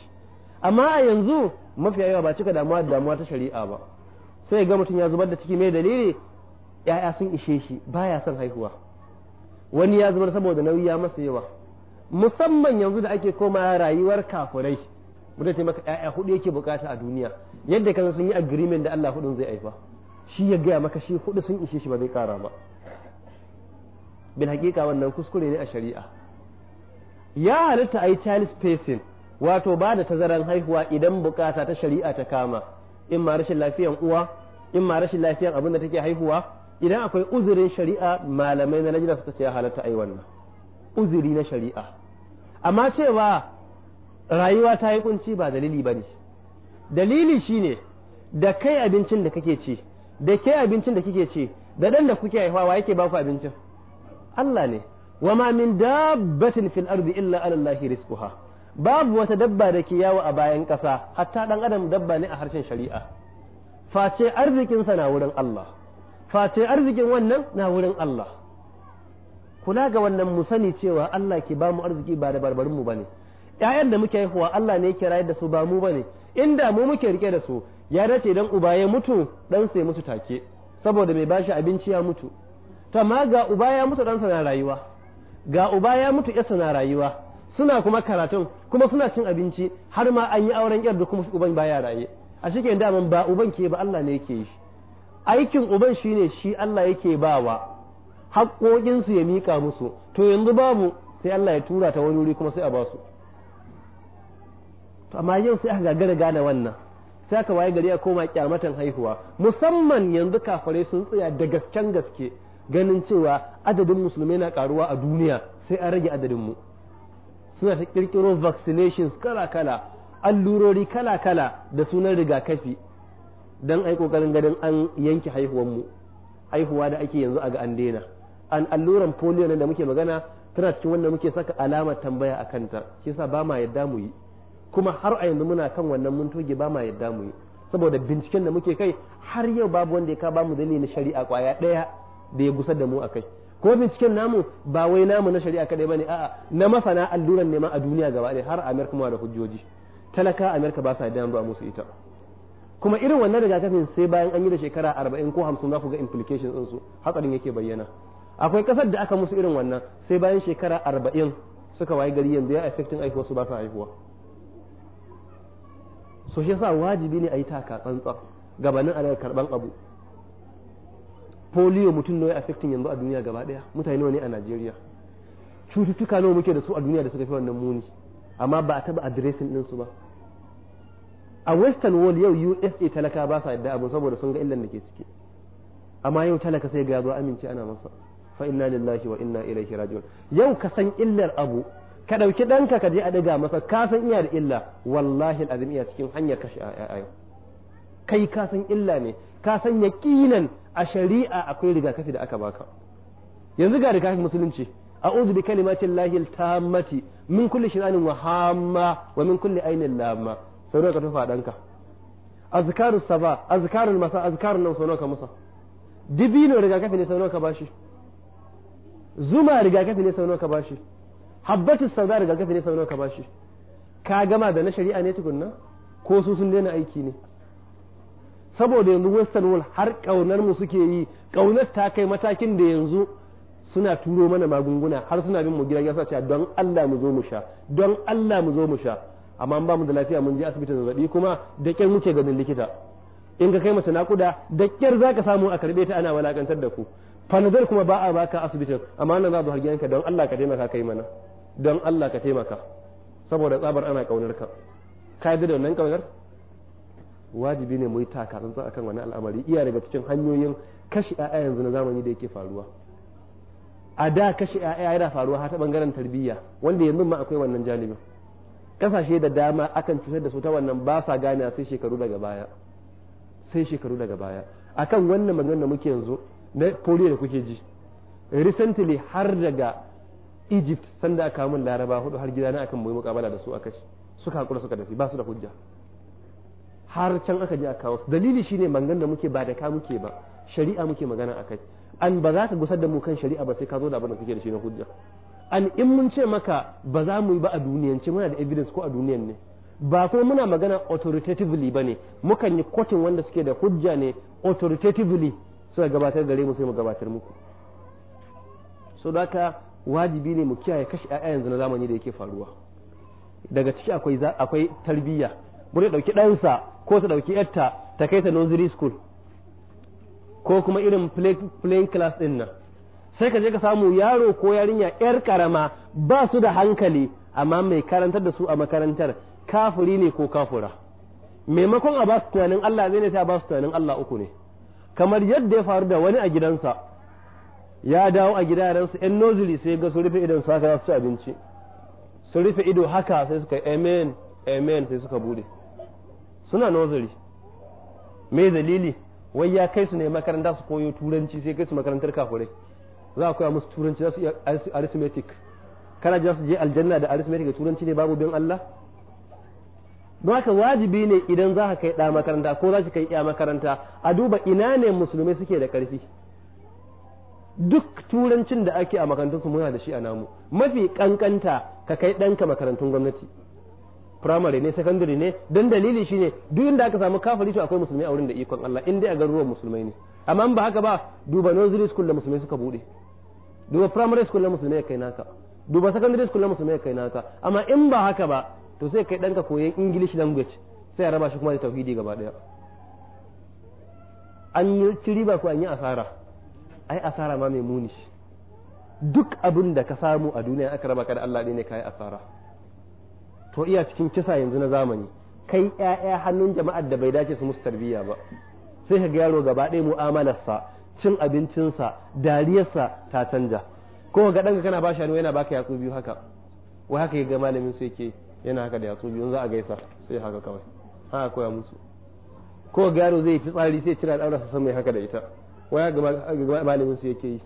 amma a yanzu mafi yawa ba cika damuwa da damuwa ta shari'a ba sai ga mutum ya zubar da ciki mai dalili ya'ya sun ishe shi baya son haihuwa wani ya zubar saboda nauyi ya masa yawa musamman yanzu da ake koma rayuwar kafurai mutum ce maka ya'ya hudu yake bukata a duniya yadda kan sun yi agreement da Allah hudun zai haifa shi ya gaya maka shi hudu sun ishe shi ba zai kara ba bil haƙiƙa wannan kuskure ne a shari'a ya halitta a yi child spacing wato ba da tazaran haihuwa idan bukata ta shari'a ta kama in ma rashin lafiyan uwa in ma rashin lafiyan abin da take haihuwa idan akwai uzurin shari'a malamai na najira suka ce ya halatta a yi wannan uzuri na shari'a amma cewa rayuwa ta yi kunci ba dalili ba ne dalili shine da kai abincin da kake ci da ke abincin da kike ci da ɗan da kuke wa yake ba ku abincin Allah ne wa ma min dabbatin fil ardi illa ala Allah rizquha babu wata dabba da ke yawo a bayan ƙasa hatta dan adam dabba ne a harshen shari'a face arzikinsa na wurin Allah face arzikin wannan na wurin Allah kula ga wannan mu sani cewa Allah ke ba mu arziki ba da barbarin mu bane ƴaƴan da muke haihuwa Allah ne yake rayar da su ba mu bane inda mu muke rike da su ya dace dan uba ya mutu dan sai mutu take saboda mai bashi abinci ya mutu kama ga uba ya mutu ɗansa na rayuwa ga uba ya mutu yarsa na rayuwa suna kuma karatun kuma suna cin abinci har ma an yi auren yar da kuma uban baya raye a shi kenan daman ba uban ke ba Allah ne yake yi aikin uban shine shi Allah yake bawa haƙoƙinsu ya miƙa musu to yanzu babu sai Allah ya tura ta wani wuri kuma sai a ba su to amma yau sai aka gagara gane wannan sai aka waye gari a koma kyamatan haihuwa musamman yanzu kafare sun tsaya da gasken gaske ganin cewa adadin musulmai na karuwa a duniya sai an rage adadin mu suna ta kirkiro vaccinations kala-kala allurori kala-kala da sunan rigakafi don ai kokarin ganin an yanke haihuwar mu haihuwa da ake yanzu a ga an daina an alluran polio da muke magana tana cikin wanda muke saka alamar tambaya a kanta shi yasa ba ma yadda mu yi kuma har a yanzu muna kan wannan mun toge ba ma yadda mu yi saboda binciken da muke kai har yau babu wanda ya ka ba mu dalili na shari'a kwaya ɗaya da ya gusar da mu a kai ko binciken namu ba wai namu na shari'a kadai bane a'a na masana alluran ma a duniya gaba ɗaya har Amerika ma da hujjoji talaka Amerika ba sa da a musu ita kuma irin wannan rigakafin sai bayan an yi da shekara 40 ko 50 za ku ga implications din su hatsarin yake bayyana akwai kasar da aka musu irin wannan sai bayan shekara 40 suka wayi gari yanzu ya affecting haihuwa su ba sa haihuwa so shi wajibi ne a yi taka tsantsan gabanin a daga karban abu polio mutum nawa affecting yanzu a duniya gaba daya mutane nawa ne a Najeriya cututtuka nawa muke da su a duniya da suka fi wannan muni amma ba a taba addressing din su ba a western world yau USA talaka ba sa yadda abin saboda sun ga illan da ke ciki amma yau talaka sai ga amince ana masa fa inna lillahi wa inna ilaihi raji'un yau ka san illar abu ka ɗauki ɗanka ka je a daga masa ka san iya da illa wallahi al'azim iya cikin hanyar kashe a yau kai ka san illa ne ka san yaƙinan a shari'a akwai rigakafi da aka baka yanzu ga rigakafin musulunci a uzu bi kalimatin lahil tamati min kulli shirani wa hamma wa min kulli ainin lama sau nawa ka tufa danka azkarus saba azkarul masa azkarun nan sau ka musa dibino rigakafi ne sau ka bashi zuma rigakafi ne sau ka bashi habbatus sauda rigakafi ne sau ka bashi ka gama da na shari'a ne tukunna ko su sun daina aiki ne saboda yanzu western world har kaunar mu suke yi kaunar ta kai matakin da yanzu suna turo mana magunguna har suna bin mu gidan yasa cewa don Allah mu zo mu sha don Allah mu zo mu sha amma ba mu da lafiya mun je asibiti zazzabi kuma da kyar muke ganin likita in ka kai mace nakuda da kyar zaka samu a karbe ta ana walakantar da ku fanadar kuma ba a baka asibitin amma nan za su harge ka don Allah ka taimaka kai mana don Allah ka taimaka saboda tsabar ana kaunar ka ka yi da wannan kaunar wajibi ne mu yi a akan wani al'amari iya daga cikin hanyoyin kashe 'ya'ya yanzu na zamani da yake faruwa a da kashe 'ya'ya yana faruwa har ta bangaren tarbiyya wanda yanzu ma akwai wannan jalibin kasashe da dama akan cutar da su ta wannan ba sa gane sai shekaru daga baya sai shekaru daga baya akan wannan maganar da muke yanzu na polio da kuke ji recently har daga Egypt sanda aka min laraba hudu har gida na akan mu mukabala da su aka suka hakura suka tafi ba su da hujja har can aka je a kawo su dalili shine mangan da muke ba da ka muke ba shari'a muke magana akai an ba za ka gusar da mu kan shari'a ba sai ka zo da abin da kake da shi na hujja an in mun ce maka ba za mu yi ba a duniyance muna da evidence ko a duniyan ne ba ko muna magana authoritatively ba ne mukan yi kotun wanda suke da hujja ne authoritatively suka gabatar gare mu sai mu gabatar muku so da haka wajibi ne mu kiyaye kashi 'ya'ya yanzu na zamani da yake faruwa daga ciki akwai akwai tarbiyya bude dauki ɗansa ko ta dauki yarta ta kai ta nursery school ko kuma irin playing class ɗin nan sai ka je ka samu yaro ko yarinya yar karama ba su da hankali amma mai karantar da su a makarantar kafuri ne ko kafura maimakon a ba su tunanin Allah zai ne sai a ba su tunanin Allah uku ne kamar yadda ya faru da wani a gidansa ya dawo a gida yaransa yan nozili sai ga su rufe idon su haka su ci abinci su rufe ido haka sai suka yi amen amen sai suka bude suna nursery me dalili wai ya kai su ne makaranta su koyo turanci sai kai su makarantar kafurai za a koya musu turanci za su iya arithmetic kana za su je aljanna da arithmetic da turanci ne babu bin Allah don haka wajibi ne idan za ka kai ɗa makaranta ko za ka kai ɗa makaranta a duba ina ne musulmai suke da ƙarfi duk turancin da ake a makarantun su muna da shi a namu mafi kankanta ka kai ɗanka makarantun gwamnati primary ne secondary ne don dalili shine duk inda aka samu kafiri to akwai musulmai a wurin da ikon Allah in dai a garuruwan musulmai ne amma ba haka ba duba nursery school da musulmai suka bude duba primary school da musulmai kai naka duba secondary school da musulmai kai naka amma in ba haka ba to sai kai danka koyan english language sai a raba shi kuma da tauhidi gaba daya an yi ci riba ko an yi asara ai asara ma mai muni duk abin da ka samu a duniya aka raba ka da Allah ne kai asara to iya cikin kisa yanzu na zamani kai ƴaƴa hannun jama'ar da bai dace su musu tarbiyya ba sai ka ga yaro gaba ɗaya mu'amalarsa cin abincinsa dariyarsa ta canja ko ga ɗanka kana ba shi hannu yana baka yatsu biyu haka wai haka ga malamin su yake yana haka da yatsu biyu za a gaisa sai haka kawai haka koya musu ko ga yaro zai fi tsari sai cira daura sa mai haka da ita wai ga malamin su yake yi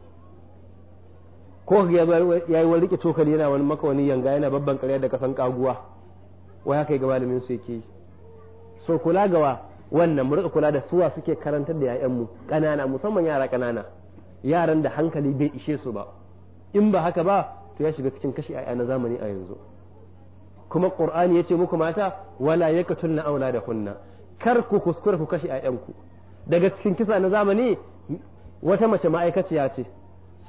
ko ga ya yi wani rike tokali yana wani makawani wani yanga yana babban ƙarya da kasan kaguwa wai haka ga malamin su yake so kula gawa wannan mu rika kula da suwa suke karantar da ƴaƴanmu ƙanana musamman yara ƙanana yaran da hankali bai ishe su ba in ba haka ba to ya shiga cikin kashi ƴaƴa na zamani a yanzu kuma qur'ani yace muku mata wala da auladakunna kar ku kuskura ku kashe ƴaƴanku daga cikin kisa na zamani wata mace ma'aikaciya ce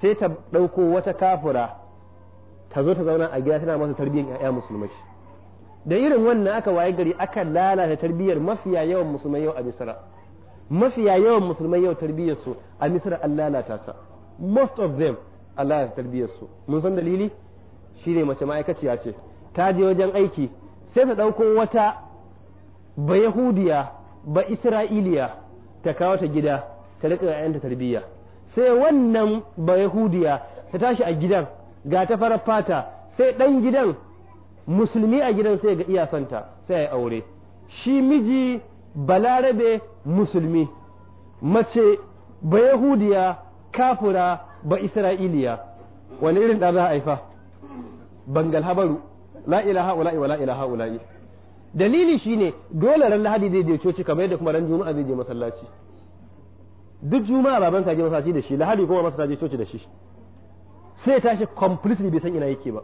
sai ta ɗauko wata kafura ta zo ta zauna a gida tana masa tarbiyyar ƴaƴa musulmai da irin wannan aka waye gari aka lalata tarbiyyar mafiya yawan musulmai yau a misra mafiya yawan musulmai yau tarbiyyar su a misra an lalata ta most of them an lalata tarbiyyar su mun san dalili shine mace ma'aikaciya ce ta je wajen aiki sai ta ɗauko wata ba yahudiya ba isra'iliya ta kawo ta gida ta rika ta tarbiyya sai wannan ba yahudiya ta tashi a gidan ga ta farar fata sai ɗan gidan musulmi a gidan sai ga iya santa sai ya aure shi miji balarabe musulmi mace ba yahudiya kafura ba isra'iliya wani irin da za a haifa bangal habaru la ilaha ula'i wa la ilaha ula'i dalili shine dole ran lahadi zai je coci kamar yadda kuma ran juma'a zai je masallaci duk juma'a baban ta je masallaci da shi lahadi kuma masa je coci da shi sai tashi completely bai san ina yake ba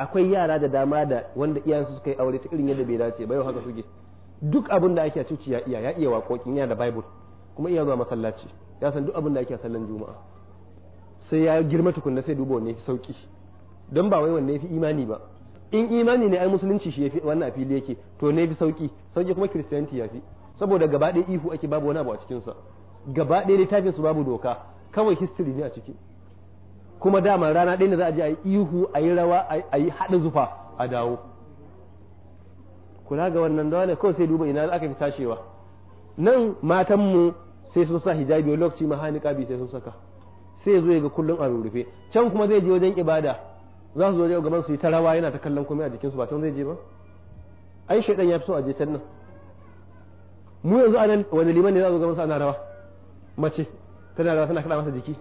akwai yara da dama da wanda iyayensu suka yi aure ta irin yadda bai dace ba yau haka suke duk abin da ake cuci ya iya ya iya waƙoƙin yana da bible kuma iya zuwa masallaci ya san duk abin da ake sallan juma'a sai ya girma tukunna sai duba wanne sauki don ba wai wanne fi imani ba in imani ne ai musulunci shi yafi wannan a fili yake to ne fi sauki sauki kuma kiristiyanci yafi saboda gaba ɗaya ihu ake babu wani abu a cikin gaba ɗaya littafin su babu doka kawai history ne a ciki kuma dama rana ɗaya ne za a je a yi ihu a yi rawa a yi haɗa zufa a dawo kula ga wannan dole kawai sai duba ina aka fi tashewa nan matanmu sai sun sa hijabi wani lokaci ma hani kabi sai sun saka sai zo ga kullum a rurrufe can kuma zai je wajen ibada za su zo wajen gaban su yi ta rawa yana ta kallon komai a jikinsu ba can zai je ba ai shaidan ya fi so a je can nan mu yanzu a nan wani liman ne za a zo gaban su ana rawa mace tana rawa tana kada masa jiki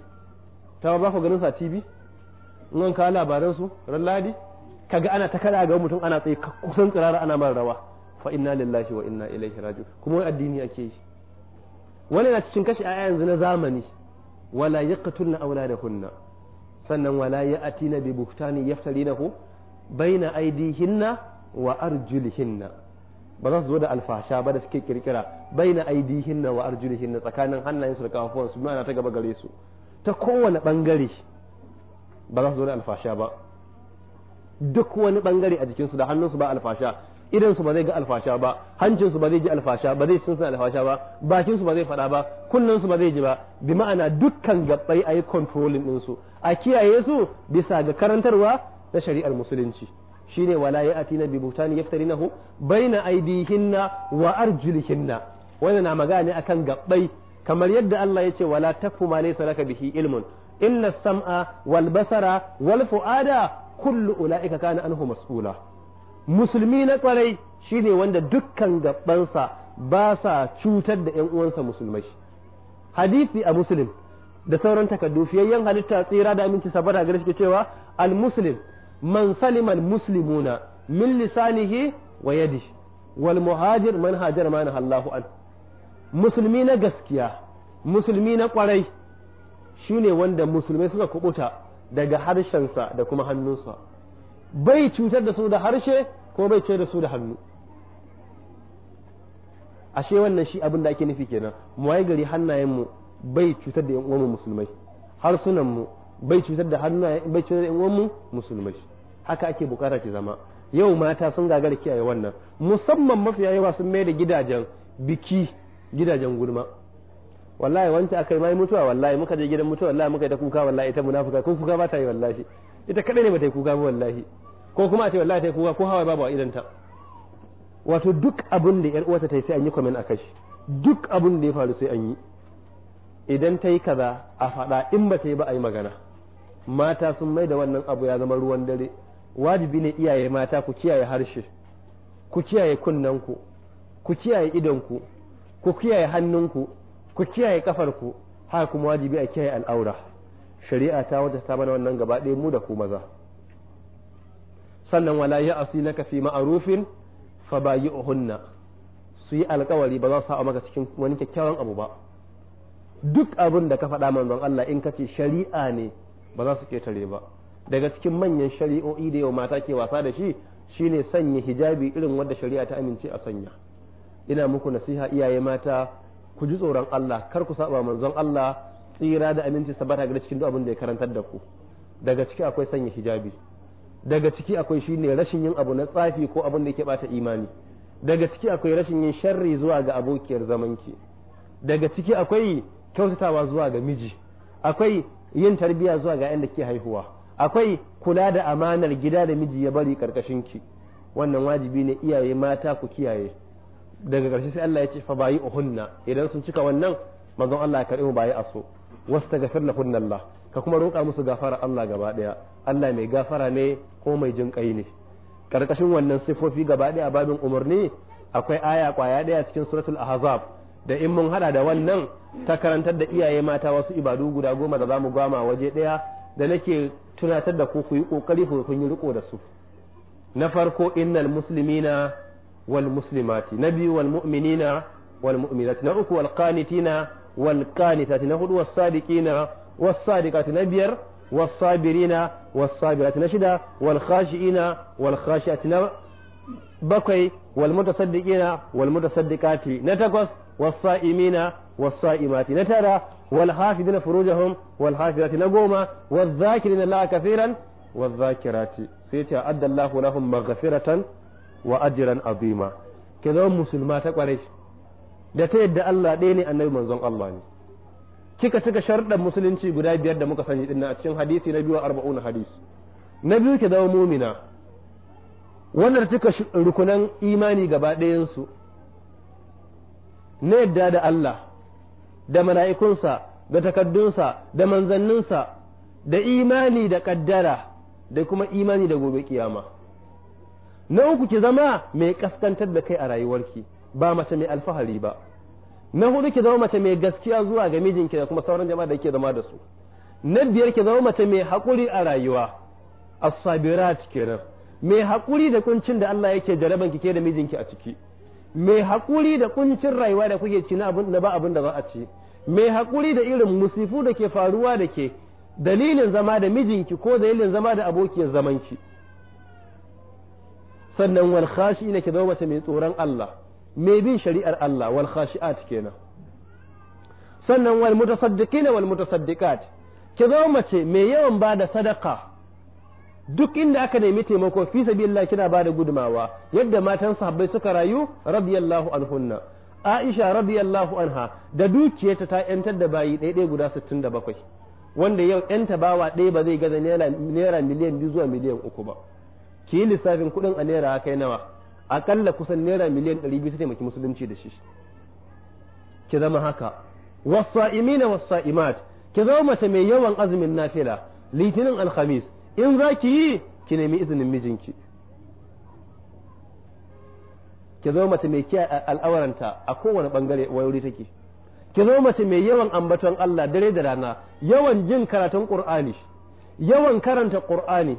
ta ba ku ganin sa TV in an ka labaran su ran ladi kaga ana ta kada ga mutum ana tsaye kusan tsirara ana mara rawa fa inna lillahi wa inna ilaihi raji'un kuma wani addini ake yi wani na cikin kashi aya yanzu na zamani wala yaqtulna hunna. sannan wala ya'tina bi buhtani yaftarinahu baina aydihinna wa arjulihinna ba za su zo da alfasha ba da suke kirkira baina aydihinna wa arjulihinna tsakanin hannayensu da kafafuwansu mana ta gaba gare su ta kowane bangare ba za su zauna alfasha ba duk wani ɓangare a jikinsu da hannunsu ba alfasha idansu ba zai ga alfasha ba hancinsu ba zai ji alfasha ba zai sun alfasha ba bakinsu ba zai faɗa ba kunnensu ba zai ji ba bi ma'ana dukkan gabbai a yi kontrolin ɗinsu a kiyaye su bisa ga karantarwa na shari'ar musulunci shine wala ya na bi butani yaftarinahu baina hinna wa arjulihinna wannan na magana ne akan gabbai kamar yadda Allah ya ce wala tafu ma laysa laka bihi ilmun illa sam'a wal basara wal fuada kullu ulaika kana anhu mas'ula musulmi na kwarai shine wanda dukkan gabansa ba sa cutar da ƴan uwansa musulmai hadisi a muslim da sauran takaddu fiyayyen halitta tsira da aminci sabara gare shi cewa al muslim man salima al muslimuna min lisanihi wa yadihi wal muhajir man hajar ma Allahu anhu musulmi na gaskiya musulmi na kwarai shi ne wanda musulmai suka kubuta daga harshensa da kuma hannunsa bai cutar da su da harshe ko bai cutar da su da hannu ashe wannan shi abin da ake nufi kenan mu gari hannayenmu bai cutar da yan uwanmu musulmai harsunanmu bai cutar da hannayen bai cutar da yan uwanmu musulmai haka ake bukata ki zama yau mata sun gagara kiyaye wannan musamman mafiya yawa sun mai da gidajen biki gidajen gulma wallahi wance yi mai mutuwa wallahi muka je gidan mutuwa wallahi muka yi ta kuka wallahi ita munafuka ko kuka ba ta yi wallahi ita kadai ne ba ta yi kuka ba wallahi ko kuma a ce wallahi ta yi kuka ko hawa babu a idanta wato duk abin da yar uwarta ta yi sai an yi comment kashi duk abin da ya faru sai an yi idan ta yi kaza a faɗa in ba ta yi ba a yi magana mata sun mai da wannan abu ya zama ruwan dare wajibi ne iyaye mata ku kiyaye harshe ku kiyaye kunnanku ku kiyaye idonku ku kiyaye hannunku ku kiyaye kafarku har kuma wajibi a kiyaye al'aura shari'a ta wata ta bana wannan gaba ɗaya mu da ku maza sannan wala ya asilaka fi ma'arufin fa bayi'uhunna su yi alkawari ba za su sa maka cikin wani kyakkyawan abu ba duk abin da ka faɗa manzon Allah in ka ce shari'a ne ba za su ketare ba daga cikin manyan shari'o'i da yau mata ke wasa da shi shine sanya hijabi irin wanda shari'a ta amince a sanya ina muku nasiha iyaye mata ku ji tsoron Allah kar ku saba manzon Allah tsira da aminci sabata ga cikin duk abin da ya karantar da ku daga ciki akwai sanya hijabi daga ciki akwai shine rashin yin abu na tsafi ko abin da yake bata imani daga ciki akwai rashin yin sharri zuwa ga abokiyar zamanki daga ciki akwai kyautatawa zuwa ga miji akwai yin tarbiya zuwa ga da ke haihuwa akwai kula da amanar gida da miji ya bari karkashin ki wannan wajibi ne iyaye mata ku kiyaye daga ƙarshe sai Allah ya ce fa bayi uhunna idan sun cika wannan manzon Allah ya karbi mu bayi aso wastaghfir lahunna Allah ka kuma roƙa musu gafara Allah gaba daya Allah mai gafara ne ko mai jin kai ne karkashin wannan sifofi gaba daya babin umarni akwai aya kwaya daya cikin suratul ahzab da in mun hada da wannan ta karantar da iyaye mata wasu ibadu guda goma da zamu gama waje daya da nake tunatar da ku ku yi kokari ku yi riko da su na farko innal muslimina wal muslimati na biyu wal mu'minina wal mu'minati na uku wal qanitina wal qanitati na hudu was sadiqina na biyar was sabirina was sabirati na shida wal khashiina wal khashiati na bakwai wal mutasaddiqina wal na sa'imina sa'imati na tara wal wal na goma sai ce addallahu lahum maghfiratan wa ajran azima ki zama musulma ta kwarai da ta yadda Allah ɗaya ne annabi manzon Allah ne kika cika sharɗan musulunci guda biyar da muka sani dinna a cikin hadisi na biyu arba'un hadis na biyu ke zama mumina wannan cika rukunan imani gaba ɗayansu na yadda da Allah da mala'ikunsa da takaddunsa da manzanninsa da imani da ƙaddara da kuma imani da gobe kiyama na uku ki zama mai kaskantar da kai a rayuwarki ba mace mai alfahari ba na hudu ki zama mace mai gaskiya zuwa ga mijinki da kuma sauran jama'a da ke zama da su na biyar ki zama mace mai hakuri a rayuwa as-sabirat kenan mai haƙuri da kuncin da Allah yake jaraban ki ke da mijinki a ciki mai haƙuri da kuncin rayuwa da kuke ci na ba abin da za a ci mai haƙuri da irin musifu da ke faruwa da ke dalilin zama da mijinki ko dalilin zama da abokiyar zamanki sannan wal ne ke zama mace mai tsoron Allah mai bin shari'ar Allah wal khashi'at kenan sannan wal mutasaddiqin wal mutasaddiqat ke zama mace mai yawan bada sadaka duk inda aka nemi taimako fi sabilillah kina da gudumawa yadda matan sahabbai suka rayu radiyallahu anhunna Aisha radiyallahu anha da dukiyarta ta yantar da bayi ɗaya guda bakwai, wanda yau yanta bawa ɗaya ba zai gaza naira miliyan biyu zuwa miliyan uku ba ki yi lissafin kuɗin a naira kai nawa akalla kusan naira miliyan ɗari biyu su taimaki musulunci da shi ki zama haka wasa'imina wasa'imat ki zama mace mai yawan azumin nafila litinin alhamis in za ki yi ki nemi izinin mijinki ki zama mace mai kiyaye al'awaranta a kowane bangare wuri take ki zo mace mai yawan ambaton Allah dare da rana yawan jin karatun Qur'ani yawan karanta Qur'ani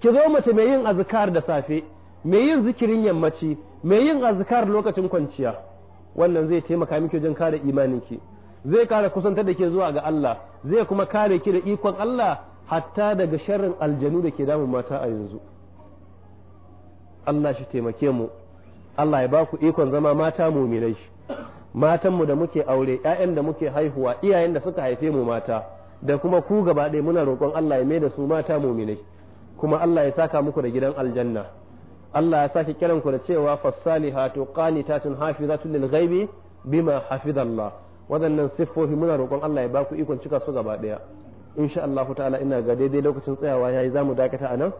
ki zo mace mai yin azkar da safe mai yin zikirin yammaci mai yin azkar lokacin kwanciya wannan zai taimaka miki wajen kare imaninki zai kare kusantar da ke zuwa ga Allah zai kuma kare ki da ikon Allah hatta daga sharrin aljanu da ke damun mata a yanzu Allah shi taimake mu Allah ya ba ku ikon zama mata muminai matanmu da muke aure ƴaƴan da muke haihuwa iyayen da suka haife mu mata da kuma ku gaba ɗaya muna roƙon Allah ya mai da su mata muminai kuma Allah ya saka muku da gidan aljanna Allah ya saki kiran ku da cewa fasalihatu qanitatun hafizatun lil ghaibi bima hafizallah wadannan siffofi muna roƙon Allah ya ba ku ikon cika su gaba daya insha Allah ta'ala ina ga daidai lokacin tsayawa yayi zamu dakata anan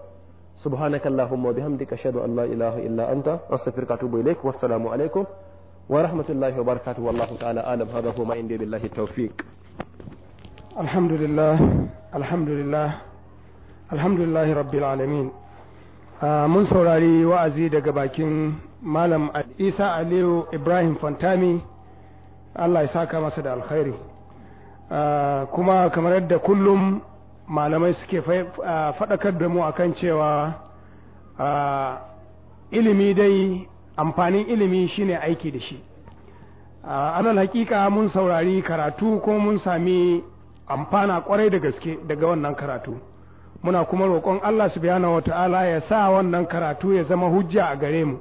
سبحانك اللهم وبحمدك أشهد أن لا إله إلا أنت أستغفرك وأتوب إليك والسلام عليكم ورحمة الله وبركاته والله تعالى أعلم هذا هو ما عندي بالله التوفيق الحمد لله الحمد لله alhamdulillahi rabbil alamin ah, mun saurari wa'azi daga bakin malam isa aliyu ibrahim fantami allah ya saka masa da alkhairi ah, kuma kamar yadda kullum malamai suke ah, faɗakar da mu akan cewa ilimi dai amfanin ilimi shine aiki da shi alal hakika mun saurari karatu ko mun sami amfana kwarai da gaske daga wannan karatu muna kuma roƙon Allah su subhanahu wata'ala ya sa wannan karatu ya zama hujja a gare mu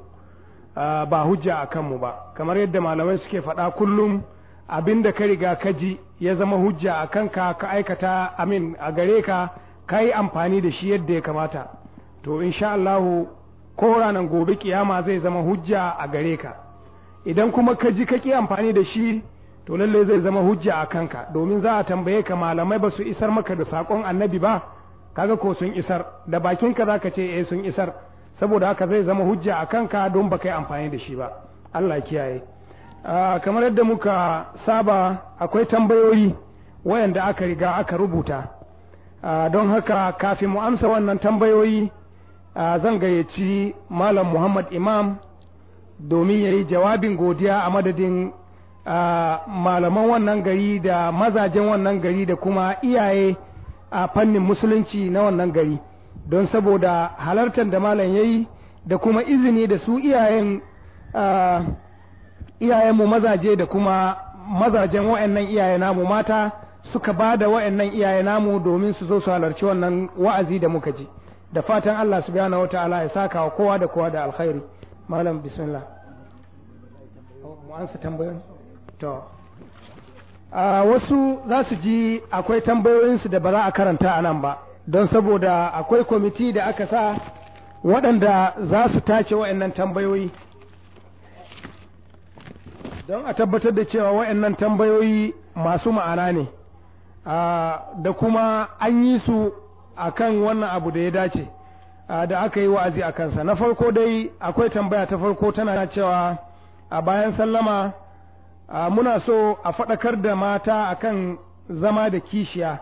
ba hujja a kanmu ba kamar yadda malamai suke faɗa kullum abin da ka riga ka ji ya zama hujja a kanka ka aikata amin a gare ka ka yi amfani da shi yadda ya kamata to insha Allahu ko ranar gobe kiyama zai zama hujja a gare ka idan kuma ka ji ka ki amfani da shi to lallai zai zama hujja a kanka domin za a tambaye ka malamai ba su isar maka da sakon annabi ba kaga ko sun isar da bakinka zaka ce eh sun isar saboda haka zai zama hujja a kanka don baka yi amfani da shi ba Allah kiyaye ah, kamar yadda muka saba akwai tambayoyi wayanda aka riga aka rubuta ah, don haka kafin mu amsa wannan tambayoyi ah, zan gayyaci malam Muhammad Imam domin ya yi jawabin godiya a madadin malaman wannan gari da mazajen wannan gari da kuma iyaye a fannin musulunci na wannan gari don saboda halartar da malam yayi da kuma izini da su iyayen mu mazaje da kuma mazajen wa'annan iyaye namu mata suka ba da wa'annan iyaye namu domin su zo su halarci wannan wa'azi da muka ji da fatan Allah subhanahu wataala ya saka wa kowa da kowa da alkhairi malam bismillah A wasu za su ji akwai tambayoyinsu da ba za a karanta a nan ba don saboda akwai kwamiti da aka sa waɗanda za su tace wa'annan tambayoyi don a tabbatar da cewa wa'annan tambayoyi masu ma'ana ne da kuma an yi su a kan wannan abu da ya dace da aka yi wa'azi a kansa na farko dai akwai tambaya ta farko tana cewa a bayan sallama muna so a faɗakar da mata a kan zama da kishiya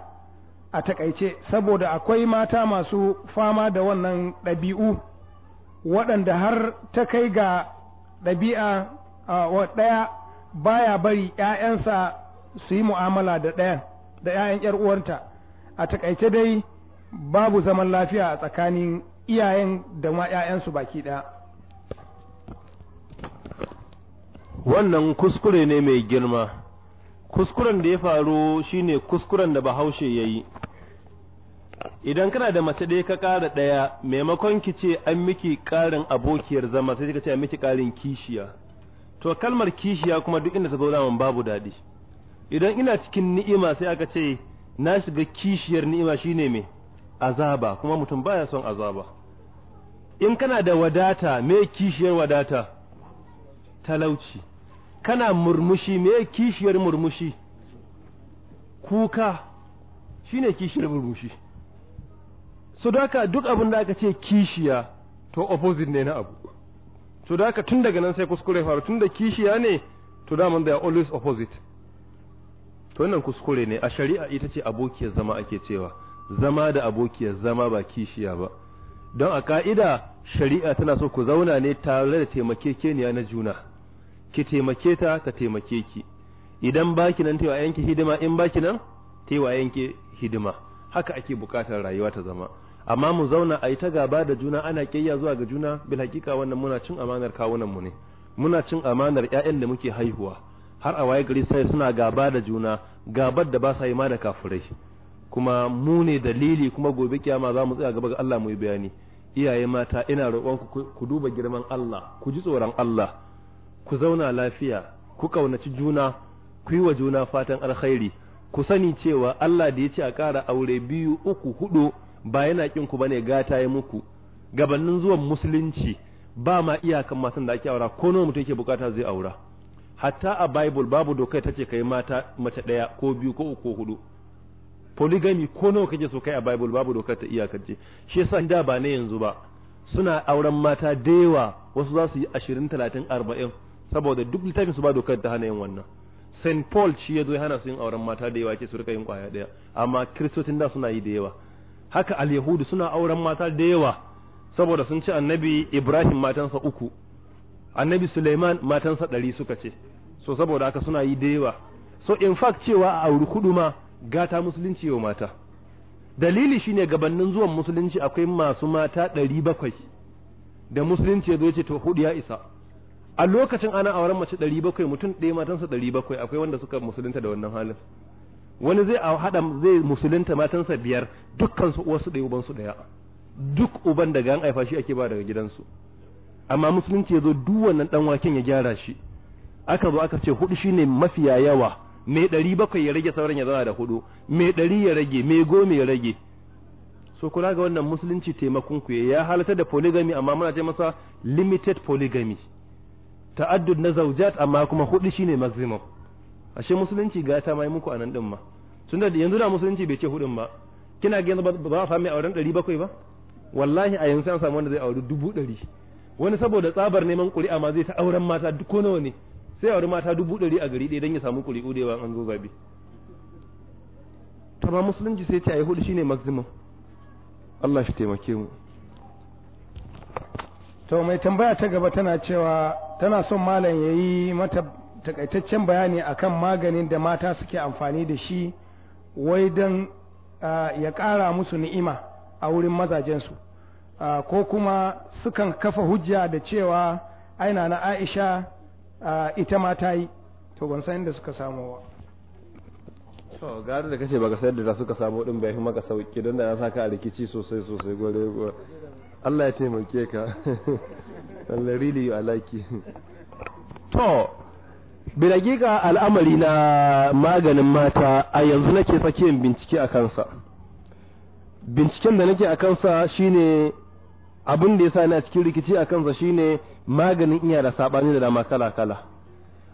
a takaice saboda akwai mata masu fama da wannan ɗabi'u waɗanda har ta kai ga ɗabi'a ɗaya baya bari ‘ya'yansa su yi mu'amala da ɗayan da ‘ya'yan ‘yar a takaice dai babu zaman lafiya a tsakanin iyayen da ma ‘ya'yansu baki ɗaya wannan kuskure ne mai girma kuskuren da ya faru shine kuskuren da bahaushe ya yi idan kana da mace da ka kara ɗaya maimakon ki ce an miki karin abokiyar zama sai kika ce an miki karin kishiya to kalmar kishiya kuma duk inda ta zo zaman babu daɗi idan ina cikin ni'ima sai aka ce na shiga kishiyar ni'ima shine me azaba kuma mutum baya son azaba in kana da wadata me kishiyar wadata talauci kana murmushi me kishiyar murmushi kuka shine kishiyar murmushi so daka duk abin da aka ce kishiya to opposite ne na abu so daka tun daga nan sai kuskure faru tun da kishiya ne to daman da are always opposite to wannan kuskure ne a shari'a ita ce abokiyar zama ake cewa zama da abokiyar zama ba kishiya ba don a ka'ida shari'a tana so ku zauna ne tare da taimakekeniya na juna ki taimake ta ka taimake ki idan baki nan taiwa yanki hidima in baki nan taiwa yanki hidima haka ake bukatar rayuwa ta zama amma mu zauna a yi ta gaba da juna ana kiyaya zuwa ga juna bil hakika wannan muna cin amanar kawunan mu ne muna cin amanar ƴaƴan da muke haihuwa har a waye gari sai suna gaba da juna gabar da ba sa yi ma da kafirai kuma mu ne dalili kuma gobe kiyama za mu tsaya gaba ga Allah mu yi bayani iyaye mata ina roƙonku ku duba girman Allah ku ji tsoron Allah ku zauna lafiya ku kaunaci juna ku yi wa juna fatan alkhairi ku sani cewa Allah da ya ce a ƙara aure biyu uku hudu ba yana kin ku bane gata ya muku gabanin zuwan musulunci ba ma iyakan matan da ake aura ko nawa mutum yake bukata zai aura hatta a bible babu dokai tace kai mata mace daya ko biyu ko uku ko hudu polygamy ko nawa kake so kai a bible babu dokar ta iyakance shi yasa da ba ne yanzu ba suna auren mata da yawa wasu za su yi 20 30 40 saboda duk littafin su ba dokar ta hana yin wannan St Paul shi ya zo ya hana su yin auren mata da yawa ke su rika yin kwaya daya amma kiristocin da suna yi da yawa haka alyahudu suna auren mata da yawa saboda sun ce annabi Ibrahim matansa uku annabi Suleiman matansa ɗari suka ce so saboda haka suna yi da yawa so in fact cewa a auri kudu ma gata musulunci yau mata dalili shine gabanin zuwan musulunci akwai masu mata ɗari bakwai da musulunci ya zo ce to hudu ya isa a lokacin ana auren mace ɗari bakwai mutum ɗaya matansa ɗari bakwai akwai wanda suka musulunta da wannan halin wani zai a haɗa zai musulunta matansa biyar dukkan su uwarsu ɗaya ubansu ɗaya duk uban daga an haifa shi ake ba daga gidansu amma musulunci ya zo duk wannan ɗan waken ya gyara shi aka zo aka ce hudu ne mafiya yawa mai ɗari bakwai ya rage sauran ya zama da hudu mai ɗari ya rage mai goma ya rage so kula ga wannan musulunci taimakon ku ya halatta da polygamy amma muna ce masa limited polygamy ta'addud na zaujat amma kuma hudu shine maximum ashe musulunci ga ta mai muku anan din ma tunda yanzu da musulunci bai ce hudun ba kina ga yanzu ba za a samu auren 700 ba wallahi a yanzu an samu wanda zai auri dubu ɗari wani saboda tsabar neman ƙuri'a ma zai ta auren mata duk ko nawa ne sai auri mata dubu ɗari a gari ɗaya don ya samu ƙuri'u da yawan an zo ta ba musulunci sai ta yi hudu shine maximum Allah shi taimake mu to mai tambaya ta gaba tana cewa tana son malam ya yi mata takaitaccen bayani akan maganin da mata suke amfani da shi wai don ya ƙara musu ni'ima a wurin mazajensu ko kuma sukan kafa hujja da cewa aina na aisha ita ma ta yi to ban san inda suka samu ba to gari da kace baka sayar da suka samu din bai kuma ka sauki don da na saka a rikici sosai sosai gore Allah ya taimake ka [laughs] Allah really you like to bi dakika al'amari na maganin mata a yanzu nake sake bincike a kansa binciken da nake a kansa shine abin da ya sa ni a cikin rikici a kansa shine maganin iya da sabani da dama kala kala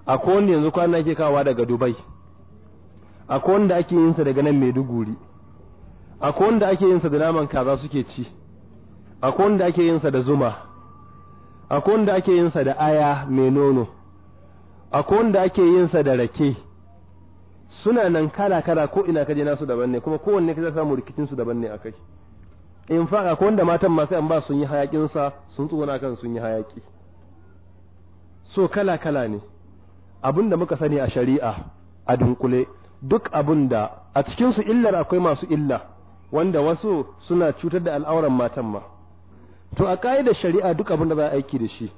akwai wanda yanzu kwana yake kawa daga Dubai akwai wanda ake yin sa daga nan Maiduguri akwai wanda ake yin sa da naman kaza suke ci akwai wanda ake yinsa da zuma akwai wanda ake yinsa da aya mai nono akwai wanda ake yinsa da rake suna nan kala kala ko ina kaje nasu daban ne kuma kowanne kaje samu rikicin su daban ne akai in fa akwai wanda matan ma sai an ba sun yi hayakin sa sun na kan sun yi hayaki so kala kala ne da muka sani a shari'a a dunkule duk da a cikin su illar akwai masu illa wanda wasu suna cutar da al'auran matan ma to a ƙa'idar shari'a duk abin da za a aiki da shi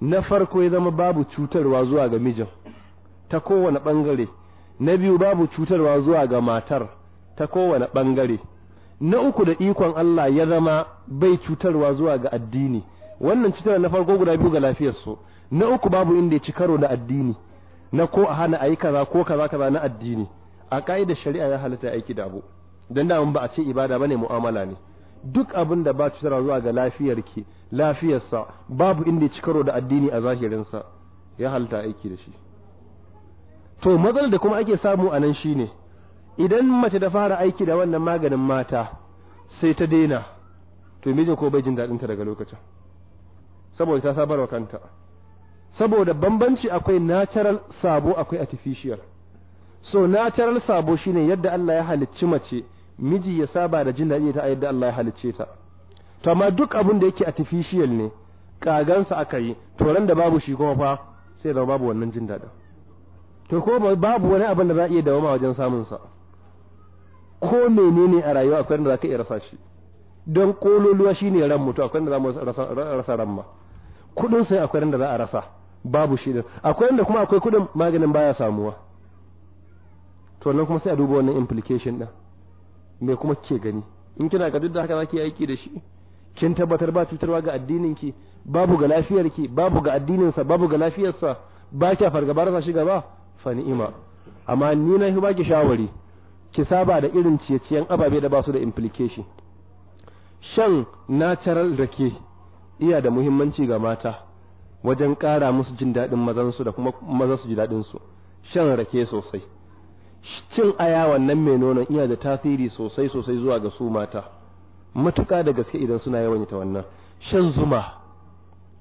na farko ya zama babu cutarwa zuwa ga mijin ta kowane ɓangare, na biyu babu cutarwa zuwa ga matar ta kowane ɓangare, na uku da ikon Allah ya zama bai cutarwa zuwa ga addini wannan cutar na farko guda biyu ga lafiyar su, na uku babu inda ya ci karo da addini na ko a hana ayi kaza ko kaza kaza na addini a ka'idar shari'a ya halatta aiki da abu dan da ba a ce ibada bane mu'amala ne duk abin da ba cutar zuwa ga lafiyarki lafiyarsa babu inda ci karo da addini a zahirinsa ya halta aiki da shi to matsalar da kuma ake samu a nan shine idan mace ta fara aiki da wannan maganin mata sai ta daina to mijin ko bai jin daɗinta daga lokacin saboda ta sabar wa kanta saboda bambanci akwai natural sabo akwai artificial so natural sabo shine yadda Allah ya halicci mace miji ya saba da jin daɗi ta a yadda Allah ya halicce ta to amma duk abin da yake artificial ne kagansa aka yi to ran da babu shi kuma fa sai zama babu wannan jin daɗin to ko babu wani abin da za a iya dawoma wajen samun sa ko menene a rayuwa akwai da za ka iya rasa shi don kololuwa shine ran mutu akwai da za mu rasa ran ma kudin sai akwai da za a rasa babu shi din akwai wanda kuma akwai kudin maganin baya samuwa to nan kuma sai a duba wannan implication din me kuma kike gani in kina ga duk da haka zaki aiki da shi kin tabbatar ba cutarwa ga addinin ki babu ga lafiyar ki babu ga addinin sa babu ga lafiyar sa ba kya fargabar sa shiga ba fa ni'ima amma ni na ba ki shawari ki saba da irin ciye-ciyen ababe da ba su da implication shan natural rake iya da muhimmanci ga mata wajen kara musu jin daɗin su da kuma su ji su shan rake sosai cin aya wannan mai nonon iya da tasiri sosai sosai zuwa ga su mata Matuka da gaske idan suna yawan ta wannan shan zuma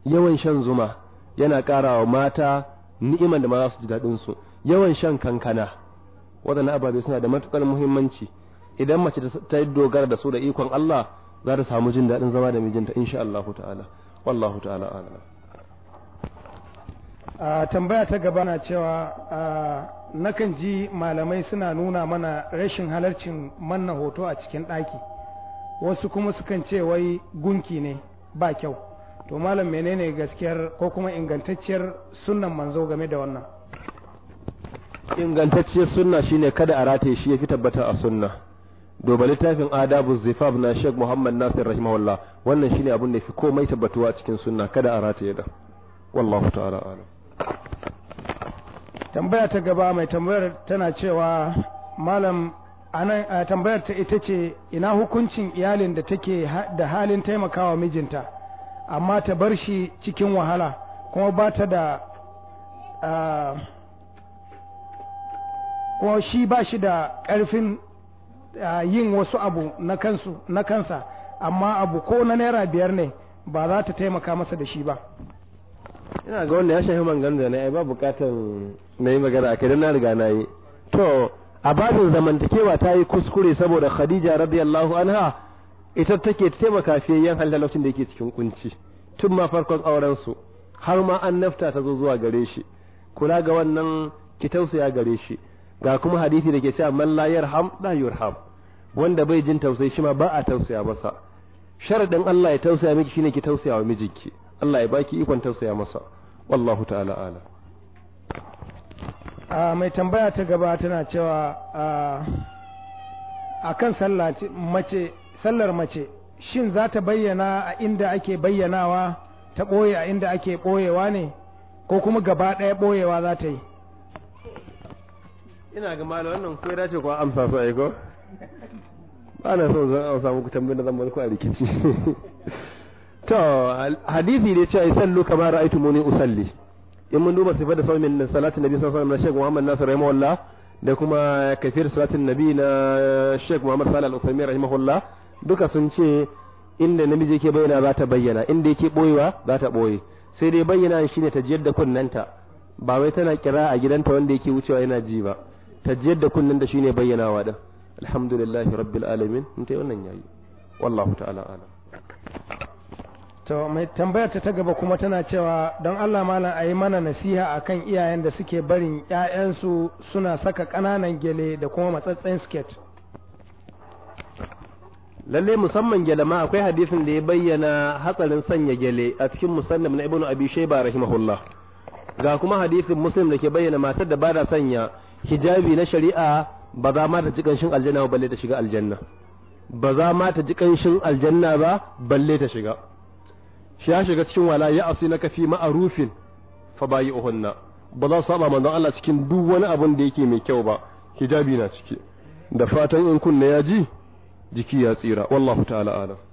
yawan shan zuma yana ƙarawa mata ni'iman da ma za su ji daɗin yawan shan kankana waɗannan ababe suna da matukar muhimmanci idan mace ta yi dogara da su da ikon Allah za ta samu jin daɗin zama da mijinta insha Allah ta'ala wallahu ta'ala a tambaya ta gaba na cewa nakan ji malamai suna nuna mana rashin halarcin manna hoto a cikin ɗaki wasu kuma sukan ce wai gunki ne ba kyau to malam menene gaskiyar ko kuma ingantacciyar sunnan manzo game da wannan ingantacciyar sunna shine kada a rataye shi ya fi tabbata a sunna doba littafin adabu zifab na sheikh muhammad nasir rahimahullah wannan shine abin da fi komai tabbatuwa cikin sunna kada a rataye da wallahu ta'ala alam tambaya ta gaba mai tambayar tana cewa malam anan tambayar ta ita ce ina hukuncin iyalin da take da halin taimakawa mijinta amma ta bar shi cikin wahala kuma ba ta da kuma shi ba shi da ƙarfin yin wasu abu na kansa amma abu ko na naira biyar ne ba za ta taimaka masa da shi ba ina ga wanda ya shafi mangan da na yi ba bukatan na yi magana a kai na riga na yi to a babin zamantakewa ta yi kuskure saboda khadija radiyallahu anha ita take taimaka yan halalaucin da yake cikin kunci tun ma farkon auren su har ma an nafta ta zo zuwa gare shi kula ga wannan ki tausaya gare shi ga kuma hadisi da ke cewa man la yarham la yurham wanda bai jin tausayi shi ma ba a tausaya masa sharadin Allah ya tausaya miki shine ki tausaya wa mijinki Allah ya baki ikon tausaya masa wallahu ta'ala ala a mai tambaya ta gaba tana cewa a kan sallar mace shin za ta bayyana a inda ake bayyanawa ta ɓoye a inda ake ɓoyewa ne ko kuma gaba ɗaya ɓoyewa za ta yi ina ga malam wannan ko ya dace ko amsa su aiko ba na so zan amsa muku tambayar da zan ku a rikici [laughs] to hadisi ne cewa sallu kama ra'aytumuni usalli in mun duba sifar da saumin da salatin nabi sallallahu alaihi wasallam na Muhammad Nasir rahimahullah da kuma kafir salatin nabi na Sheikh Muhammad Salih Al-Uthaymeen rahimahullah duka sun ce inda namiji yake bayyana za ta bayyana inda yake boyewa za ta boye sai dai bayyana shi ne ta jiyar da kunnanta ba wai tana kira a gidanta wanda yake wucewa yana ji ba ta jiyar da shi ne bayyanawa din alhamdulillahi rabbil alamin in tai wannan yayi wallahu ta'ala alam to mai tambaya ta ta gaba kuma tana cewa don Allah malam a yi mana nasiha akan iyayen da suke barin ‘ya'yansu suna saka ƙananan gele da kuma matsatsen sket. lalle musamman gele ma akwai hadisin da ya bayyana hatsarin sanya gele a cikin musannam na ibnu abi shayba rahimahullah ga kuma hadisin muslim da ke bayyana matar da bada sanya hijabi na shari'a ba za ma ta ji kanshin aljanna ba balle ta shiga aljanna ba za ma ta ji aljanna ba balle ta shiga shi ya shiga cikin wala ya asi na kafi ma'arufin fa bayi uhunna ba za su saba manzo Allah cikin duk wani abin da yake mai kyau ba hijabi na ciki da fatan in kunna ya ji jiki ya tsira wallahu ta'ala alam